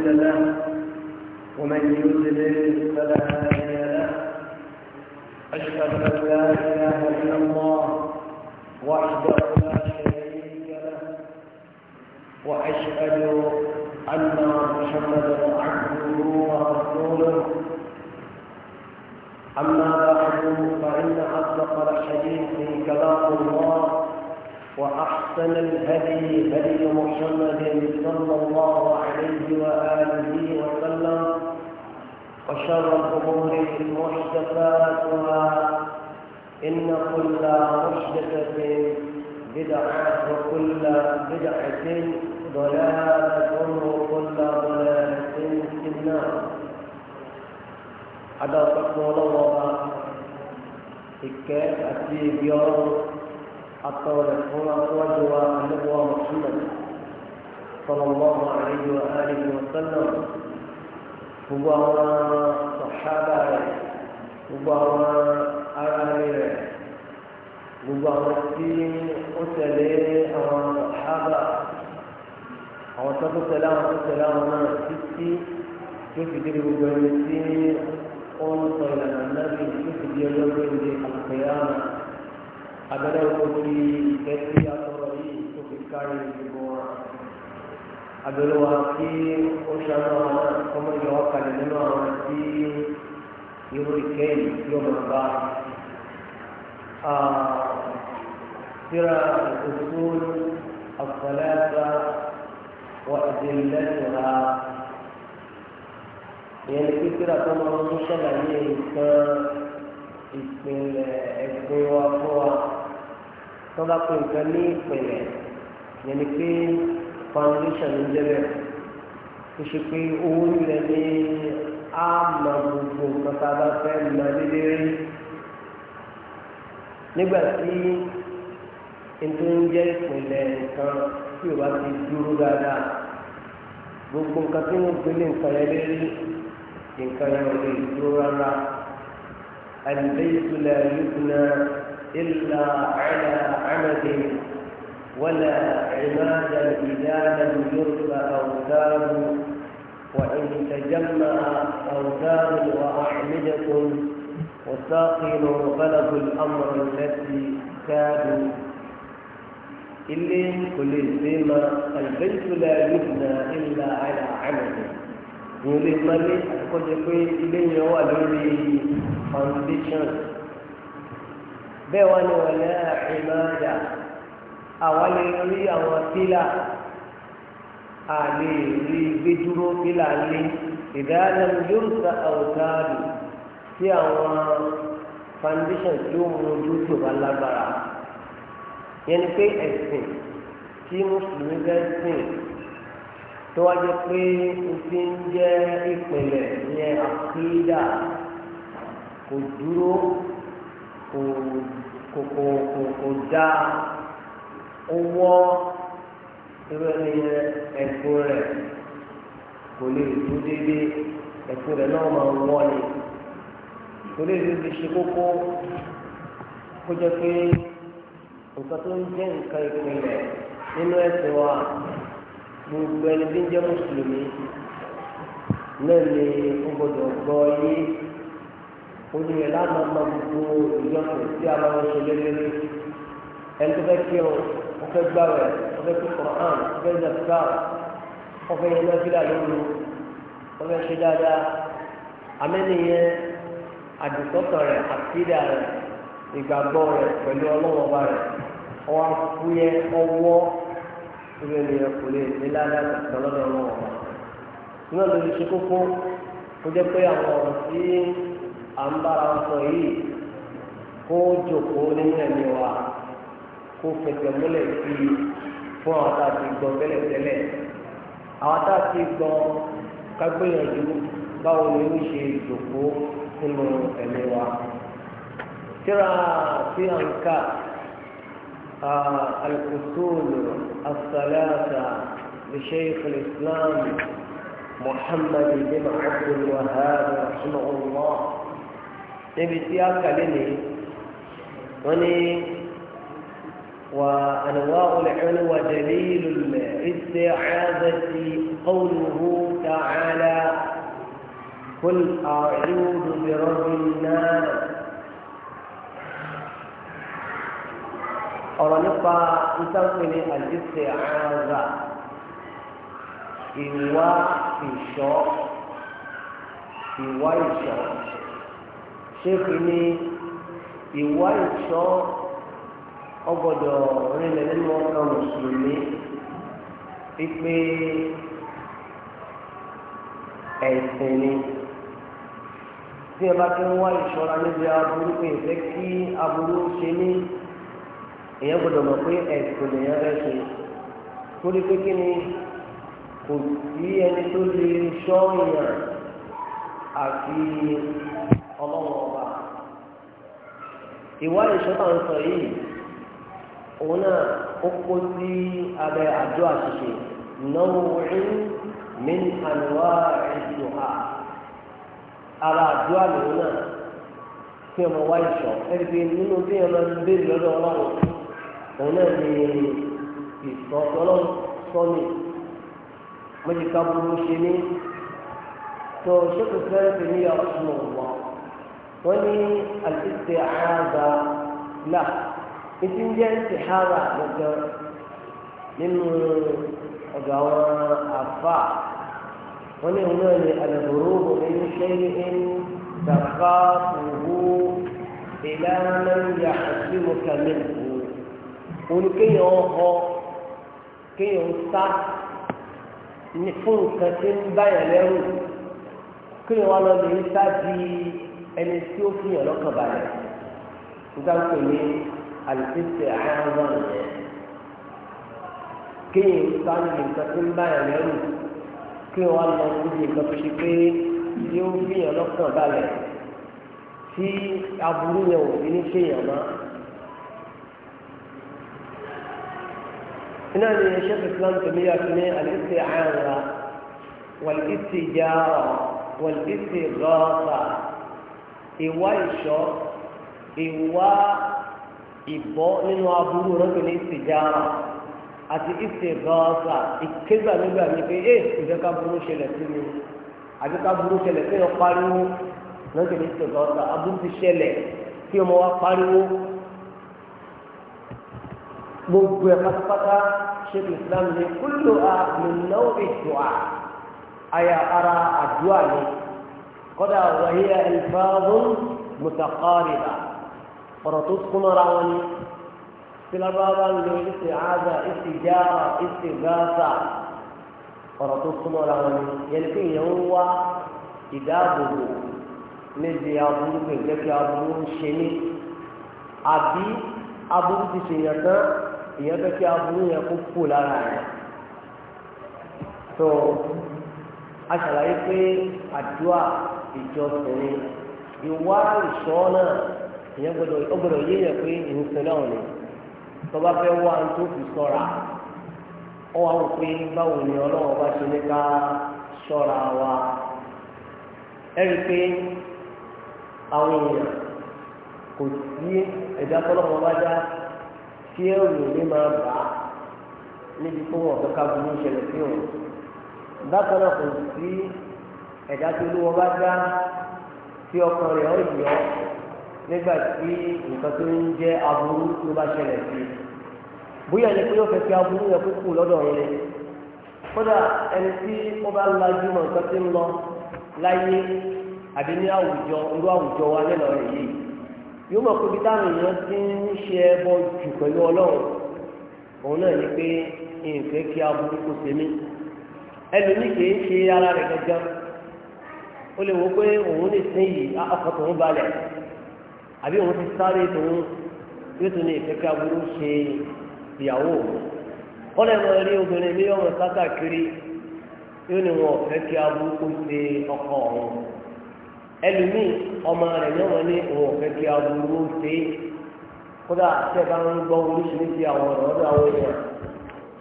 مضل له ومن يضلل فلا هادي له أشهد أن لا إله إلا الله وحده لا شريك له وأشهد أن محمدا عبده ورسوله أما بعد فإن أصدق الحديث كلام الله وأحسن الهدي هدي محمد صلى الله عليه وآله وسلم وشر الأمور محدثاتها إن كل محدثة بدعة وكل بدعة ضلالة وكل ضلالة في النار هذا تقوى الله إكاد أتي بيوم حتى ولدوا النبوة محمد صلى الله عليه وآله وسلم هو صحابة هو أعلى هو مسكين أتلي صحابة أو سبو سلام سلام ستي تفجر بجنسين أنصر النبي تفجر بجنسين القيامة abẹ́rẹ́ oko ti ìfẹ́ sí àtọ̀rọ̀ yìí tó fi kárí ìdìbò wọn abẹ́rẹ́ wa tí ó ṣàánú àwọn ọmọ ìyá wa kalẹ̀ nínú àwọn tí irú ìkẹyìn yóò máa ah, ìpínlẹ̀ ẹ̀gbẹ́ wa fún wa tọ́ba pé nǹkan ní ìpìlẹ̀ yẹn ni pé foundation ń jẹ́ bẹ́ẹ̀ tó ṣe pé owó ilẹ̀ ní á mọ gbogbo nǹkan tá a bá fẹ́ mọ déédéé nígbà tí ètò ń jẹ́ ìpìlẹ̀ nǹkan tí o bá ti dúró dáadáa gbogbo nǹkan tí wọ́n gbélé nǹkan yẹn lérí nǹkan yẹn ò lè dúró rárá àlùbẹ́yìí tó lẹ́yìn lókun إلا على عمد ولا عمادا إذا لم يرب أوتاد وإن تجمع أوتاد وأعمدة وساقين بلغ الأمر التي كادوا إلي كل الزيمة البيت لا يبنى إلا على عمل ولمن أكون يقول لك هو الذي foundation bẹ́ẹ̀ wá ní wọ̀lẹ́ ìmáàdà àwa lè rí àwọn pílà a lè rí gbé dúró pílà lé ìdáyàlẹ́nu yóò sa àwòtáàdù sí àwọn foundation tí mú ojú tó bá lágbára yẹn pé ẹ̀sìn tí mùsùlùmí fẹ́ sìn tó wá jẹ́ pé o ti ìpìlẹ̀ yẹn àkídà kò dúró kò kòkò kòkò dá owó irú ẹni ẹ̀kọ́ rẹ̀ kò lè tó dédé ẹ̀kọ́ rẹ̀ náà máa wọ́ ni kò lè tó fi ṣe kókó kó jẹ́ pé nǹkan tó ń jẹ́ nǹkan ìpínlẹ̀ nínú ẹ̀sìn wa gbogbo ẹni tí ń jẹ́ mùsùlùmí náà ni ó gbọdọ̀ gbọ́ yé oní ẹ̀ lánàá máa gbogbo ìjọsìn tí a máa ń ṣe lélẹ́lẹ́ ẹni tó fẹ́ kí ọ ọ fẹ́ gbà rẹ̀ ọ fẹ́ kí kọ̀ọ̀án ọ fẹ́ nàfíà ọ fẹ́ yẹn nàfíà lóru ọ fẹ́ ṣe dáadáa amẹ́niyẹn àdìsọ́kàn rẹ̀ àkídà rẹ̀ ìgbàgbọ́ rẹ̀ pẹ̀lú ọlọ́wọ́ba rẹ̀ ọwọ́ afúyẹ ọwọ́ ìrẹ̀lẹ̀ kò lè ní ládàá lọ́dọ̀ ọlọ́wọ́ba. ìwọ́n lórí ṣe kókó à ń bára sọ yìí kó jòkó nínú ẹ̀mí wa kó fẹsẹ̀ múlẹ̀ sí i fún àwọn tá a ti gbọ́ tẹ́lẹ̀tẹ́lẹ̀ àwọn tá a ti gbọ́ kágbéyànjú báwo ni ó ṣe jòkó nínú ẹ̀mí wa. ترى في أنكا الأصول الثلاثة لشيخ الإسلام محمد بن عبد الوهاب رحمه الله níbi tí a kàlẹ́ ní wọ́n ní wà wà وأنواع العلم ودليل الاستعاذة قوله تعالى قل أعوذ برب الناس ọ̀rọ̀ nípa ìtàkùnlé àdìsẹ̀ ààrà ìwà ìṣọ́ ìwà ìṣọ́. ṣéèkì ní ìwà ìṣọ́ ọgbọ́dọ̀ rinlẹ̀ nínú ọ̀nà mùsùlùmí pípé ẹ̀sìn ni tí ẹ bá ti ń wá ìṣọ́ra níbi aburú pé ìfẹ́ kí aburú ṣe ní èèyàn gbọ́dọ̀ mọ̀ pé ẹ̀sìn lèèyàn fẹ́ ṣe torí pé kí ni kò sí ẹni tó lè ṣọ́ èèyàn àti ọlọ́wọ́ ìwà ìṣọ́tà ń sọ yìí òun náà ó kó sí abẹ àjọ àṣìṣe náwó ń mí àníwá ìdùnnú ha ara àjọ àlòun náà kí ọmọ wá ìṣọ ẹni pé nínú bí ọmọ ń béèrè lọ́dọ̀ ọlọ́run òun náà ní ìsọ sọ́ni mo ti ka burú ṣe ní tó ṣé kò fẹ́ẹ́ fi ní ọ̀ṣun ọ̀wọ́ wọ́n ní àtìsí àhábà náà ètí ń jẹ́ ìsìhábà gbọ̀ngàn nínú ọ̀dọ̀ àwọn àfà wọ́n ní òun náà ní àlùbọ̀rọ̀ òun ṣe é ń dàgbà òwú ìlànà ìyá àti mọ̀kànlẹ̀ òun ní kéèyàn họ kéèyàn sá fún nǹkan tí ń báyà lẹ́rù kéèyàn wá lọ lè sá di. ẹni tí ó fi hàn lọ́kàn balẹ̀ nígbà tó ní àlùfíìsì àyàwó yẹn kéèyàn bá ń lè nǹkan tó ń bá yàn lẹ́rù kí wọ́n lọ síbi nǹkan tó ṣe pé tí ó fi hàn lọ́kàn balẹ̀ tí aburú yẹn ò fi ní ṣe yàn mọ́. هنا لشيخ الإسلام تيمية الاستعانة والاستجارة والاستغاثة ìwá ìṣọ́ ìwá ìbọ́ nínú aburú rẹ́pẹ̀ ní ìsìjára àti ìsìgọ́ọ̀sà ìkégbà nígbà ní pé ẹ ìfẹ́ ká burú ṣẹlẹ̀ sí mi àti ká burú ṣẹlẹ̀ sí yẹn pariwo rẹ́pẹ̀ ní ìsìgọ́ọ̀sà aburú ti ṣẹlẹ̀ kí ọmọ wa pariwo gbogbo ẹ pátápátá ṣètò Islam ní kúlò àmì náà ètò à àyà ara àdúrà ni kọ́dà wàhíyà ìfáàbùn mùtàkárìbà ọ̀rọ̀ tó súnmọ́ra wọn ni sílábàbà ń lo ìsìnàdà ìsìjára ìsìgáàsà ọ̀rọ̀ tó súnmọ́ra wọn ni yẹn kí ìyẹn ń wá ìdáàbòbò níbi aburú gbẹgbẹ kí aburú ń ṣe ní àbí aburú ti ṣèyàn tán ìyẹn fẹ́ kí aburú yẹn kó kú lára rẹ̀ tó a ṣàlàyé pé àdúrà. ìjọsìn ìwà ìṣọ́ náà ìyẹn gbọ́dọ̀ ó gbọ́dọ̀ yé yẹn pé ìrìnsẹ̀ náà ni tọ́ba fẹ́ wá tó fi sọ́ra ó wá wò pé báwo ni ọlọ́wọ́ bá ṣe ní ká wa pé àwọn èèyàn kò sí ẹ̀dá bá dá tí ní máa níbi tó wọ̀ kọ́ka ẹ̀dá tó lówó bá dá tí ọkàn rẹ̀ ọ̀ yọ nígbà tí nǹkan tó ń jẹ́ aburú ló bá ṣẹlẹ̀ sí i bóyá ni pé yóò fẹ́ fi aburú yẹn kó kù lọ́dọ̀ yẹn kódà ẹni tí wọ́n bá lajú mọ̀ nǹkan tí ń lọ láyé àbí ní àwùjọ irú àwùjọ wa nílò rẹ̀ yìí yóò mọ̀ pé bí táwọn èèyàn ti ń ṣe ẹbọ jù pẹ̀lú ọlọ́run òun náà ni pé nǹkan kí aburú kò sèmi ẹlòmíì kì í ṣe ara rẹ̀ gẹ́gẹ́ ó lè wo pé òun lè sin yìí ọkọ̀ tòun balẹ̀ àbí òun ti sáré tòun yóò tún ní ìfẹ́kẹ́ aburú ṣe ìyàwó na lè mọ rí obìnrin mílíọ̀nù kiri yóò ní wọn ọ̀fẹ́ kí aburú ṣe ọkọ ọ̀hún ẹlòmíì ọmọ rẹ̀ ní wọn ní wọn ọ̀fẹ́ kí aburú ṣe kódà tẹ́ bá ń gbọ́ oríṣiríṣi àwọn ọ̀rọ̀ ọ̀dọ̀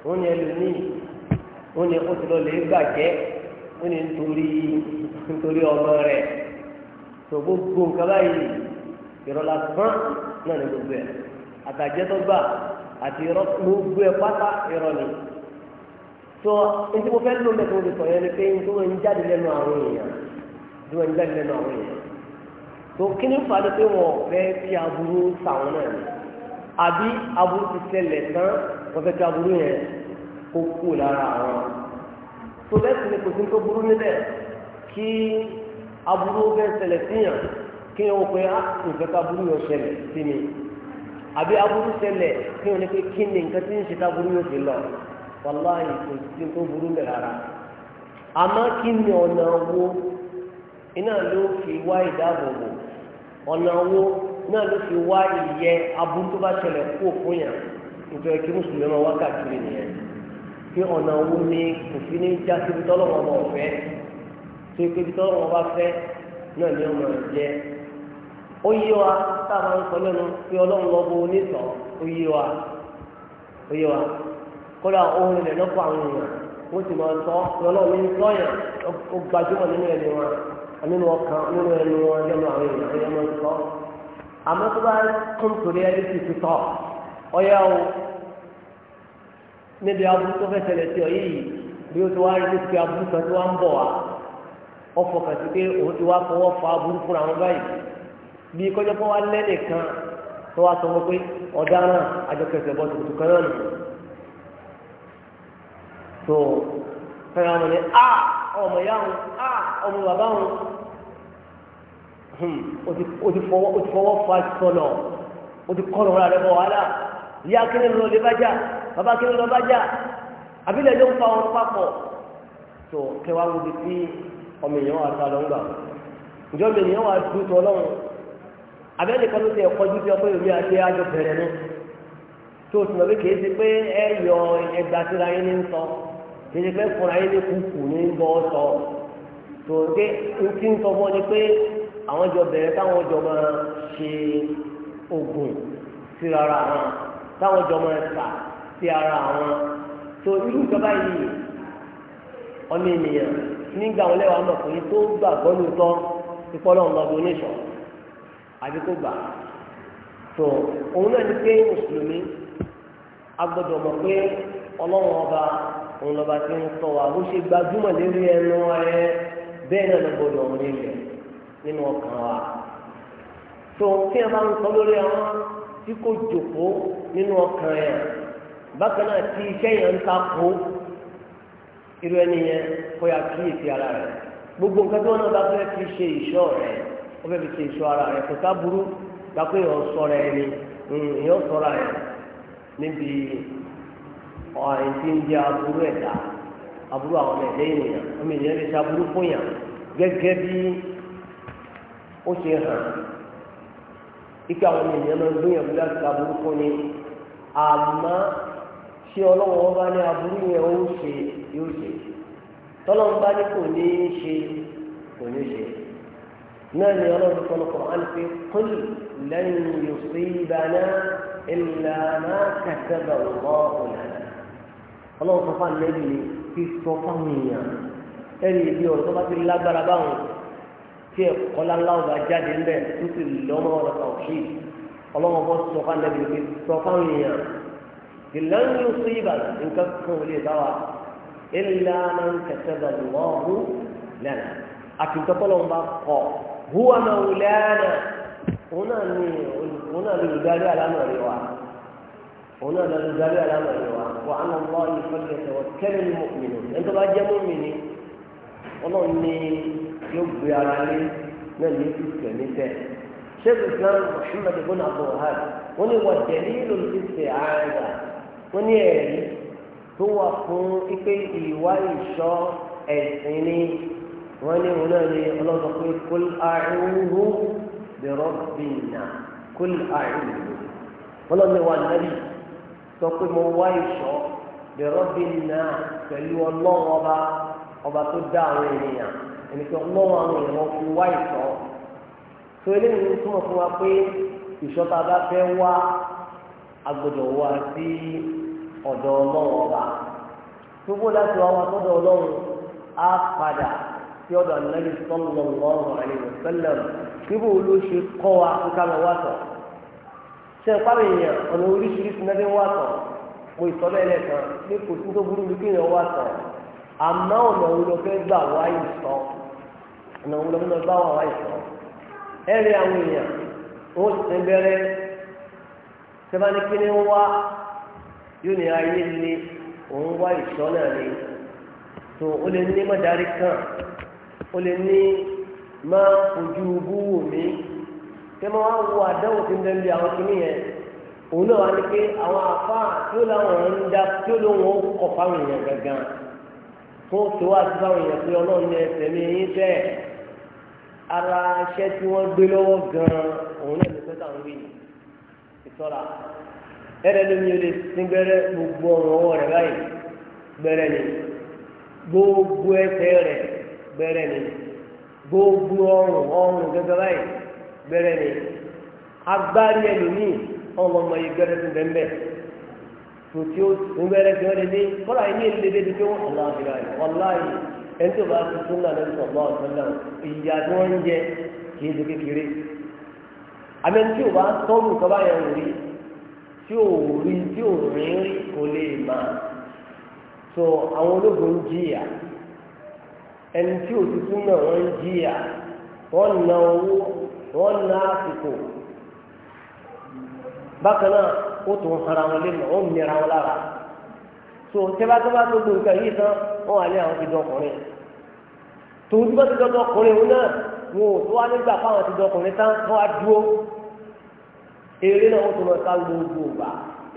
àwọn ní ẹlòmíì ó ní nítorí nítorí ọmọ rẹ̀ tó gbogbo nǹkan báyìí ìrọ̀lá fún náà ní gbogbo ẹ̀ àtàjẹ́tọ́gbà àti gbogbo ẹ̀ pátá ìrọ̀ ni tó ntí mo fẹ́ ló mẹ́tò mo fi sọ yẹn ni pé ntí wọ́n ń jáde lẹ́nu àwọn èèyàn ntí wọ́n ń jáde lẹ́nu àwọn èèyàn tó kí ni fa ni pé wọ́n fẹ́ kí aburú sàwọn náà ni àbí aburú ti ṣẹlẹ̀ tán wọ́n fẹ́ kí aburú yẹn kó kú lára àwọn tó bẹ́ẹ̀ sì ni kò sí tó burú níbẹ̀ kí aburú bẹ́ẹ̀ ṣẹlẹ̀ síyàn kí wọ́n pe nǹkan ká burú yóò ṣẹlẹ̀ sí mi àbí aburú ṣẹlẹ̀ kí wọ́n ní pé kí ni nǹkan tí ń ṣe ká burú buru ndị lọ wo fi aburu pé ọ̀nà wo ni kò fi ní já síbi tọ́lọ́wọ́ ọmọ ọ̀fẹ́ tó pé bí tọ́lọ́wọ́ ọba fẹ́ náà ni ọmọ rẹ̀ jẹ́ ó yé wa tá a máa ń sọ lẹ́nu pé ọlọ́run lọ́bọ onítọ̀ ó yé wa ó yé wa kódà ohun rẹ̀ lọ́pọ̀ àwọn èèyàn wọ́n ti máa sọ ọlọ́run ní sọ́yàn ó gbajúmọ̀ nínú ẹni wọn nínú ọkàn nínú ẹni wọn lẹ́nu àwọn èèyàn ó yẹ máa sọ àmọ́ tó bá kọ́ńtò rẹ̀ ẹ́ níbi aburú tó fẹ́ ṣẹlẹ̀ sí ọ yìí bí o ti wá rí ní ti aburú kan tí wọ́n ń bọ̀ wá ọ̀fọ̀ kàti pé òun ti wá fọwọ́ fúnra wọn báyìí bí kọjá kan tó wá sọ wọn pé ọ̀daràn àjọkẹsẹ̀ bọ́ tuntun kan náà nù. tó a ọmọ ìyá wọn a ọmọ bàbá wọn o hmm, ti fọwọ́ sọ̀nà o ti ìyá kí ni lọ lè bá jà bàbá kí ni lọ bá jà àbílẹ̀ ló ń fa wọn papọ̀ tó kẹwàá wo bi tí ọmọ èèyàn wà sá lọ́ngbà ǹjọ́ ọmọ èèyàn wà dùn tó lọ́wọ́ àbẹ́lẹ̀ kan ló ti ẹ̀kọ́ ju bí ọkọ yòmí àti àjọ bẹ̀rẹ̀ ní tó o sì mọ̀ pé kìí ṣe pé ẹ yọ ẹgbàá síra yín ní sọ kìí ṣe pé fúnra yín ní kúkú ní bọ́ sọ tó dé ti ń sọ fún ọ pé àwọn jọ bẹ̀rẹ̀ táwọn jọ máa ṣe oògùn síra ara wọn. táwọn jọ máa fà sí ara àwọn tó irú ìjọba yìí ọmọ ènìyàn nígbà wọn lẹ́wàá mọ̀ tó gbàgbọ́ àbí kó gbà tó òun náà ní pé mùsùlùmí agbọ́dọ̀ mọ̀ pé ọlọ́run ọba òun lọ́ba ti ń sọ wa bó ṣe lérí ẹnu ẹ náà ló nínú ọkàn wa tó tí a máa ń nínú ọkàn yẹn bákan náà tí iṣẹ́ yẹn ń takò irú ẹni yẹn kó yà kíyèsí ara rẹ̀ gbogbo nǹkan tí wọn náà bá fẹ́ fi ṣe ìṣọ́ rẹ̀ ó fẹ́ fi ṣe ìṣọ́ ara rẹ̀ kò sá burú gbàgbé èèyàn sọ̀rọ̀ ẹ̀ ni èèyàn sọ̀rọ̀ ẹ̀ níbi ọ̀hìn tí ń jẹ́ aburú ẹ̀dá aburú àwọn ẹ̀dá ènìyàn ọmọ ènìyàn lè ṣe aburú fún yàn gẹ́gẹ́ bí ó ṣe hàn ike àwọn ènìyàn máa ń gbìyànjú láti ka burú fún ni àmọ́ ṣé ọlọ́wọ́ wọn bá ní aburú yẹn ó ṣe yóò ṣe tọ́lọ́wọ́n bá ní kò ní í ṣe kò ní ṣe náà ni ọlọ́run kọ́ lọ́kọ̀ á ní pé kúlì lẹ́yìn yòóṣe ìbáná ìlànà kàtẹ́bà ọ̀rọ̀ ọ̀lànà ọlọ́run sọ fún àlẹ́ kí sọ fáwọn ẹ̀rí ibi ọ̀rọ̀ tó bá ti lágbára báwọn tí ẹ̀kọ́ lálá ọba jáde ńbẹ tó sì lọ́mọ ọ̀rọ̀ kan òṣì ọlọ́mọ bọ́ sọ fún alẹ́ bíi sọ fún èèyàn ìlànà yóò sí ibà nǹkan kan ò lè bá wa ìlànà kẹsẹ̀ bá lọ́ọ̀hù lẹ́nà àti nǹkan tọ́lọ́ bá kọ̀ húwa máa wù lẹ́nà òun náà ni òun náà lùdarí àlámọ̀ rẹ wa òun náà lùdarí àlámọ̀ rẹ wa wà á lọ́ọ́ lọ́ọ́ ìfọ̀lẹ́sẹ̀ wọ kẹ́lẹ́ ni mo mìíràn ẹni bá jẹ́ mọ́ mi ni yóò gbé ara lé náà ní ti tẹ̀ níbẹ̀. sheikh islam muhammad ibn abdul wahab wọ́n ní wà dẹ̀lílù ti tẹ̀ ààrẹ wọ́n ní ẹ̀rí tó wà fún ipe ìwà ìṣọ́ ẹ̀sìn ni wọ́n ní wọn náà ní ọlọ́dọ̀ pé kul a'udhu bi rabbina kul a'udhu ọlọ́dọ̀ wà nàbì sọ pé mo wá ìṣọ́ bi rabbina pẹ̀lú ọlọ́wọ́ ọba ọba tó dá àwọn ènìyàn ẹni pé ọlọ́run àwọn èèyàn fi wá ìṣọ́ tó eléyìí túmọ̀ fún wa pé ìṣọ́ tá a bá fẹ́ wá a gbọ́dọ̀ wá sí ọ̀dọ̀ ọlọ́run ọba tó bó láti wá wá sọ́dọ̀ ọlọ́run á padà sí ọ̀dọ̀ ànábì sallallahu alaihi wasallam níbo ló ṣe kọ́ wa kó ká lọ wá sọ ṣe ìpàdé èèyàn ọ̀nà oríṣiríṣi náà dé wá sọ mo ìsọ̀lẹ̀ lẹ́ẹ̀kan ní kò sí tó burú mi kí èèyàn wá sọ àmọ́ ọ̀nà òun lọ fẹ́ gbà wá ìsọ̀ ọ̀nà òun lọ́mọdé bá wà wáyé sọ ẹ̀rí àwọn èèyàn wọ́n ti ń bẹ̀rẹ̀ sẹ́fani kí ni ń wá yóò ní ayé ni òun wá ìṣọ́ náà ni tó o lè ní mọ̀dárí kan o lè ní má ojú búwò mi tẹ́mọ́ wá wo àdáwò tí ń bẹ́ẹ̀ lé àwọn kìíní yẹn òun náà wá ní pé àwọn afá tí ó láwọn ń da tí ó ló wọn kọ̀ fáwọn èèyàn gangan fún tòwá sí fáwọn èèyàn pé ọlọ́run ní ẹsẹ̀ mi yín bẹ́ẹ̀ ara iṣẹ́ tí wọ́n gbé lọ́wọ́ gan-an òun náà ló pẹ́ta ń wí ìtọ́ra ẹ̀rẹ́ lómi ò lè sin gbẹ́rẹ́ gbogbo ọ̀rọ̀ ọwọ́ rẹ̀ báyìí gbẹ́rẹ́ ni gbogbo ẹsẹ̀ rẹ̀ gbẹ́rẹ́ ni gbogbo ọrùn ọrùn gẹ́gẹ́ báyìí gbẹ́rẹ́ ni agbárí ẹlòmíì ọmọ ọmọ yìí gbẹ́rẹ́ fún bẹ́ńbẹ́ tòtí ó gbẹ́rẹ́ fún ọ́ lé kọ́lá yìí ní èlé ẹni tó bá ti tún náà lẹ́nu sọ̀gbọ́n ọ̀sán náà ìyá tí wọ́n ń jẹ kì í ṣe kékeré àmì tí o tọ́lù tó yẹn rí tí o rí tí o rìn rí kò lè mà so àwọn ológun ń jìyà ẹni tí o ti tún náà wọ́n ń jìyà wọ́n na owó wọ́n na àsìkò bákan náà ó tún hara wọn lé mọ́ ó mìíràn wọn lára so tẹ́lá tó bá tó gbòǹkà yìí tán wọ́n wà ní àwọn ti dọkùnrin tòun tí wọ́n ti dọkùnrin òun náà wọn ò tó wá nígbà fáwọn ti dọkùnrin tán wọ́n á dúró eré náà wọ́n tó lọ sá gbogbo ògbà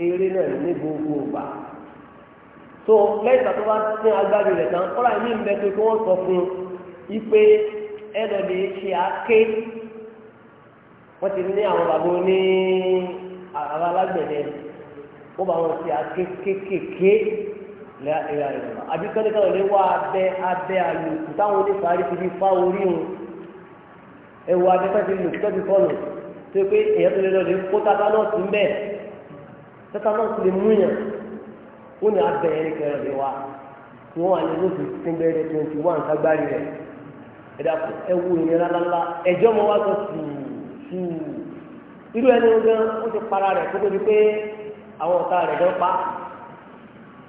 eré náà ní gbogbo ògbà so lẹ́yìn tó bá ní agbára rẹ̀ tán kọ́ra ní ìbẹ́ tó kí wọ́n sọ fún un ipe ẹlọ́dẹ ṣe àáké wọ́n ti ní àwọn bàbá oní alágbẹ̀dẹ ó bá wọn ṣe akékèké lẹ́yà ìlà àbíkọ́lẹ́ kan lè wá abẹ́ abẹ́ àlùkù táwọn onífàárí ti fi fá orí wọn ẹwọ ti lù tó pé èèyàn tó lè lọ lè kó tábánọ́ọ̀tì ń bẹ̀ tábánọ́ọ̀tì lè mú yàn ó ní yẹn kẹrẹ lè tí wà ní ẹwù wá sọ irú ẹni gan ó ti para àwọn ọ̀tá rẹ̀ gan pa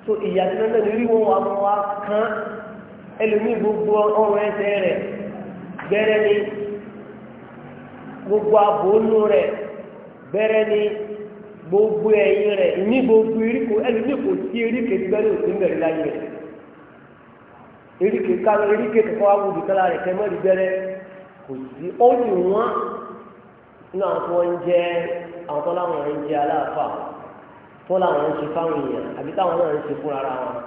so ìyá tí lọ́nà lórí wọn wà wọn wá kán ẹlòmíì gbogbo ọrùn ẹsẹ̀ rẹ̀ gbẹ́rẹ́ ni gbogbo àbòónú rẹ̀ ni gbogbo ẹ̀yìn rẹ̀ ní gbogbo eríko ẹlòmíì kò sí eríkè tí bẹ́ẹ̀ bẹ̀rẹ̀ láyé rẹ̀ kò sí àwọn tó ń jẹ́ àwọn tó láwọn tó láwọn ń ṣe fáwọn èèyàn àbí táwọn náà ń ṣe ara wọn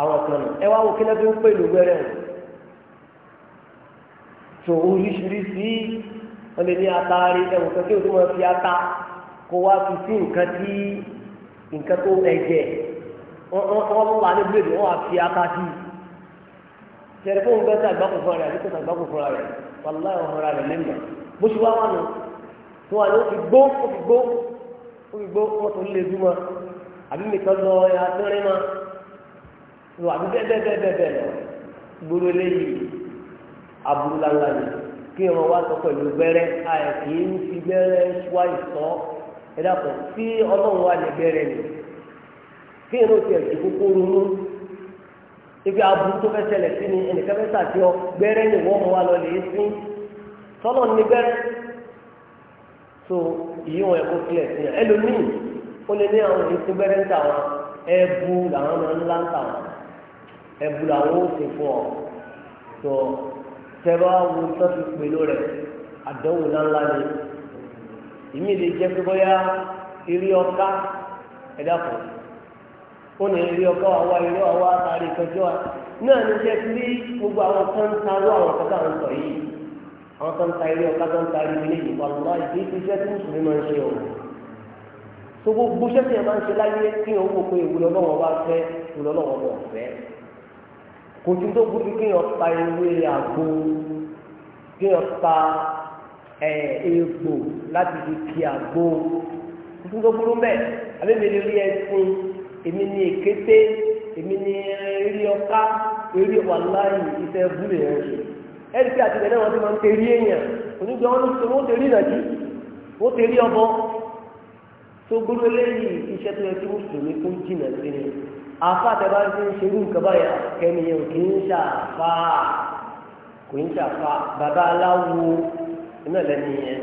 àwọn kan ẹ wá wo kílẹ̀ tó ń pè lùgbẹ́rẹ́ tó oríṣiríṣi wọn lè ní ataari ẹwọn kan kí o tó máa fi ata kó wá fi sí nǹkan tí nǹkan tó ẹ̀jẹ̀ wà ní bíléèdì wà fi ata sí i tẹ̀lé fóun bẹ́ẹ̀ àgbákò rẹ̀ àbí gbogbo wọn tó lé dúmọ àbí nìkan lọ ẹyà tẹrin ma lọ àbí lọ gbogbo eléyìí ni kí wọn wá sọ pẹ̀lú gbẹ́rẹ́ àyè kì í fi gbẹ́rẹ́ wá ìsọ ẹ tí ọlọ́run wà ní ni kí ibi aburú tó ni ẹnìkan so ìyí wọn ẹ̀kọ́ kílẹ̀ sí yàn ẹlòmíì ó lè ní àwọn èyí tó bẹ̀rẹ̀ ń tà wọn ẹ̀bù làwọn máa ń lá ń tà wọn ẹ̀bù làwọn ó sì fún ọ tó tẹ́wọ́ wo tó fi pèlò rẹ̀ àdánwò ńláńlá ni ìmí lè jẹ́ pé bóyá eré ọká ẹ̀dá kù ó ní eré ọká wà wá eré ọwá àtàrí ìtọ́jú wa náà ní jẹ́ pé gbogbo àwọn kan ń ta wọ́ àwọn kan táwọn sọ yìí àwọn tó ń ta ilé ọ̀ká tó ń ta ilé ilé ìwà lọ́wọ́ ìdí iṣẹ́ tí mùsùlùmí máa ń ṣe o tó gbogbo iṣẹ́ tí yẹn máa ń ṣe láyé kí yẹn ó wò pé ìwúlọ́ lọ́wọ́ bá fẹ́ ìwúlọ́ lọ́wọ́ bọ̀ fẹ́ kò tún tó burú kí yẹn ta ewé àgbo kí yẹn ta egbò láti fi kí àgbo kò tún tó burú mẹ́ abẹ́mẹ́lẹ́ rí ẹsìn èmi ní èkété èmi ní eré ọká eré wàláyé ìfẹ́ búrẹ́ yẹn ẹ̀rí pé àtìgbẹ́ náà wọ́n ti máa ń tẹ̀lé èèyàn onígbà wọn ló wọ́n tẹ̀lé ìnàjú wọ́n tẹ̀lé ọbọ tó gbóló lẹ́yìn iṣẹ́ tó yẹ kí mùsùlùmí kó jìnà sí ni àfa àtẹ̀bá ti ń ṣerú nǹkan báyà kẹ́niyàn kì í ṣàfà kò ń ṣàfà bàbá aláwo iná lẹ́nu yẹn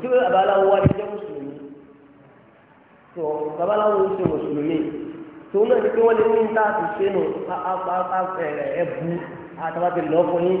tí bàbá aláwo wá jẹ́ mùsùlùmí tó bàbá aláwo ń ṣe mùsùlùmí tó náà ni pé wọ́n lè ní ní táàtì ṣe nù ẹ̀bù àtàwọn àti lọ́ọ́ yín.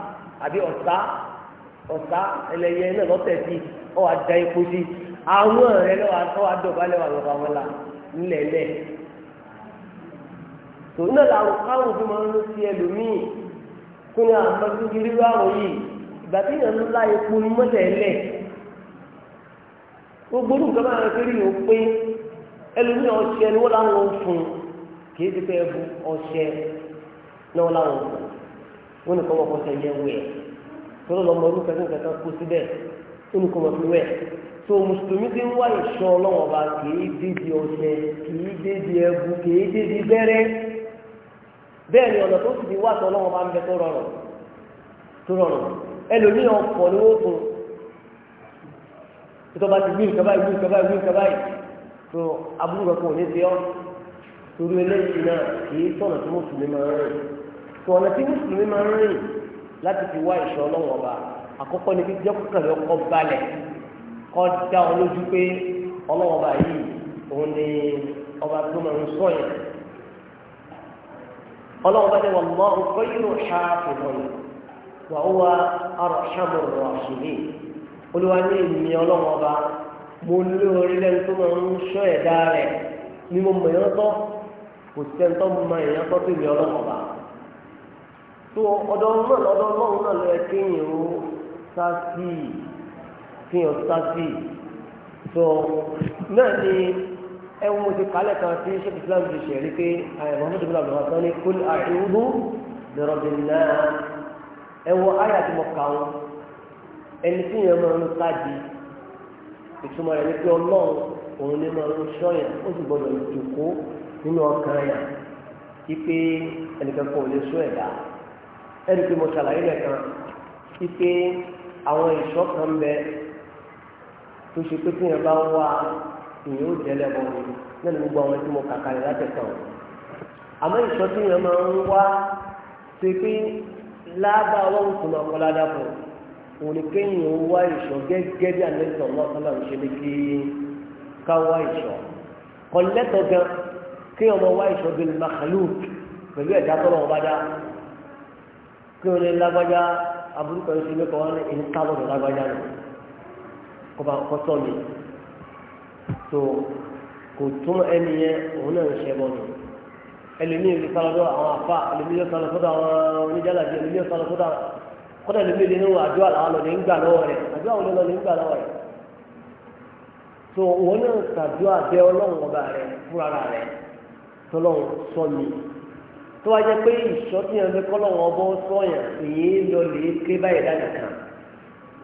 àbí ọ̀sá ọ̀sá ẹlẹ́yẹ náà lọ́tẹ̀ sí ọ àjà epo sí àwọn ọ̀rẹ́ lọ́wọ́ àtọ́ àdọ̀bálẹ̀ wà lọ́wọ́ àwọn là ńlẹ̀lẹ̀ tòun náà làwọn káwọn fi máa ń ẹlòmíì ni àwọn ọmọdé rírọ àwọn yìí ìgbà tí yẹn ń la epo gbogbo máa ń pé ẹlòmíì ni wọ́n fún kì í wọ́n ní kọ́ wọ́n kọ́ sẹ́ yẹ wẹ̀ tọ́lọ́ lọ́mọ ọdún kẹsàn-án kẹsàn-án kó síbẹ̀ wọ́n ní kọ́ wọ́n fi wẹ̀ tó mùsùlùmí ti ń wá ìṣọ́ ọlọ́wọ́n ọba kìí dédi ọṣẹ kìí dédi ẹbu kìí dédi bẹ́rẹ́ bẹ́ẹ̀ ni ọ̀nà tó sì ti wá sọ ọlọ́wọ́n ọba ń bẹ tó rọrùn tó rọrùn ẹlòmíì ọ̀pọ̀ ni ó fún tó bá ti gbé nǹkan báyìí gbé nǹkan báyìí gbé tó abúlé kankan ò ní ti ọ́ torí eléyìí náà kìí sọ̀nà tó mùsùlùmí máa ń rìn tó ọ̀nà tí mùsùlùmí máa ń rìn láti fi wá ìṣọ́ ọlọ́wọ́n ọba àkọ́kọ́ ni jíjẹ́ kọ̀ọ̀kan ọkọ̀ balẹ̀ kọ́ dá ọ lójú pé ọlọ́wọ́n ọba yìí òun ni ọba tó máa ń sọ yẹn ọlọ́wọ́n ọba ni wọ́n mọ ọkọ̀ yìí ló ṣá fòfòn wà ó wá ọrọ̀ ṣàmù rọ̀ ṣìlẹ̀ olúwa ní ìmì ọlọ́wọ́n ọba mo lóore lẹ́nu tó máa ń sọ ẹ̀dá rẹ̀ ni mo mọ̀ ẹ̀yán tọ́ kò sẹ́ńtọ́ mo mọ ẹ̀yán tọ́ tó ọ̀dọ̀ náà lọ́dọ̀ Ọlọ́run náà ló yẹ kéèyàn ó sá sí i kéèyàn sá sí i náà ni ẹ mo ti kálẹ̀ kan tí sheikh islam ti ṣe rí pé muhammadu bin abdul hasan ní kul a'udhu bi rabbin nas ẹ wo ayé àti mo kà wọn ẹni tí yẹn máa ń sáàdì ìtumọ̀ rẹ̀ ní pé Ọlọ́run òun ní máa ń ṣọ́yàn ó sì gbọdọ̀ ìjòkó nínú ọkàn yà ipe ẹnìkan kan ò lè sọ ẹ̀dá ẹni pé mo ṣàlàyé lẹ́ẹ̀kan wípé àwọn ìṣọ́ kan ń bẹ tó ṣe pé tí yẹn bá ń wá ìyẹn ó jẹ́ lẹ́bọ̀ mi náà ní gbogbo àwọn tí mo kàkà rẹ̀ látẹ̀kàn o àmọ́ ìṣọ́ tí yẹn máa ń wá ṣe pé láàbà ọlọ́run tó máa kọ́ ládàá òun ni kéèyàn ó wá ìṣọ́ gẹ́gẹ́ bí àlejò ọlọ́ọ̀tọ́lá ń ṣe ní kí ká wá ìṣọ́ kọ́lẹ́tọ̀ gan kéèyàn máa wá ìṣọ́ bí màkàlù pẹ̀lú ẹ̀dá tọ́lọ́ kí o lè lágbájá aburú kan sí mẹ́kọ̀ọ́ wọn ní sábọ̀dọ̀ lágbájá nù kọba kọ́tọ́ mi tó kò tún ẹni yẹn òun náà ń ṣẹbọ nù ẹlòmíì lè sálọ́dọ̀ àwọn afá ẹlòmíì lè sálọ́dọ̀ àwọn oníjàlàjì ẹlòmíì lè sálọ́dọ̀ kọ́dà ẹlòmíì lè níwọ̀n àdúrà làwọn lọ́lẹ̀ ń gbà lọ́wọ́ rẹ̀ àdúrà wọn lọ́lẹ̀ ń gbà lọ́wọ́ rẹ̀ tó wọn náà sàdúrà bẹ́ ọlọ́run ọba rẹ̀ fúnra rẹ̀ tọ́lọ́run sọ́ mi tó wá jẹ́ pé ìṣọ́ tí yẹn fi kọ́lọ̀ wọn bọ́ sọ́yàn èyí lọ lè ké bá ẹ̀dá kankan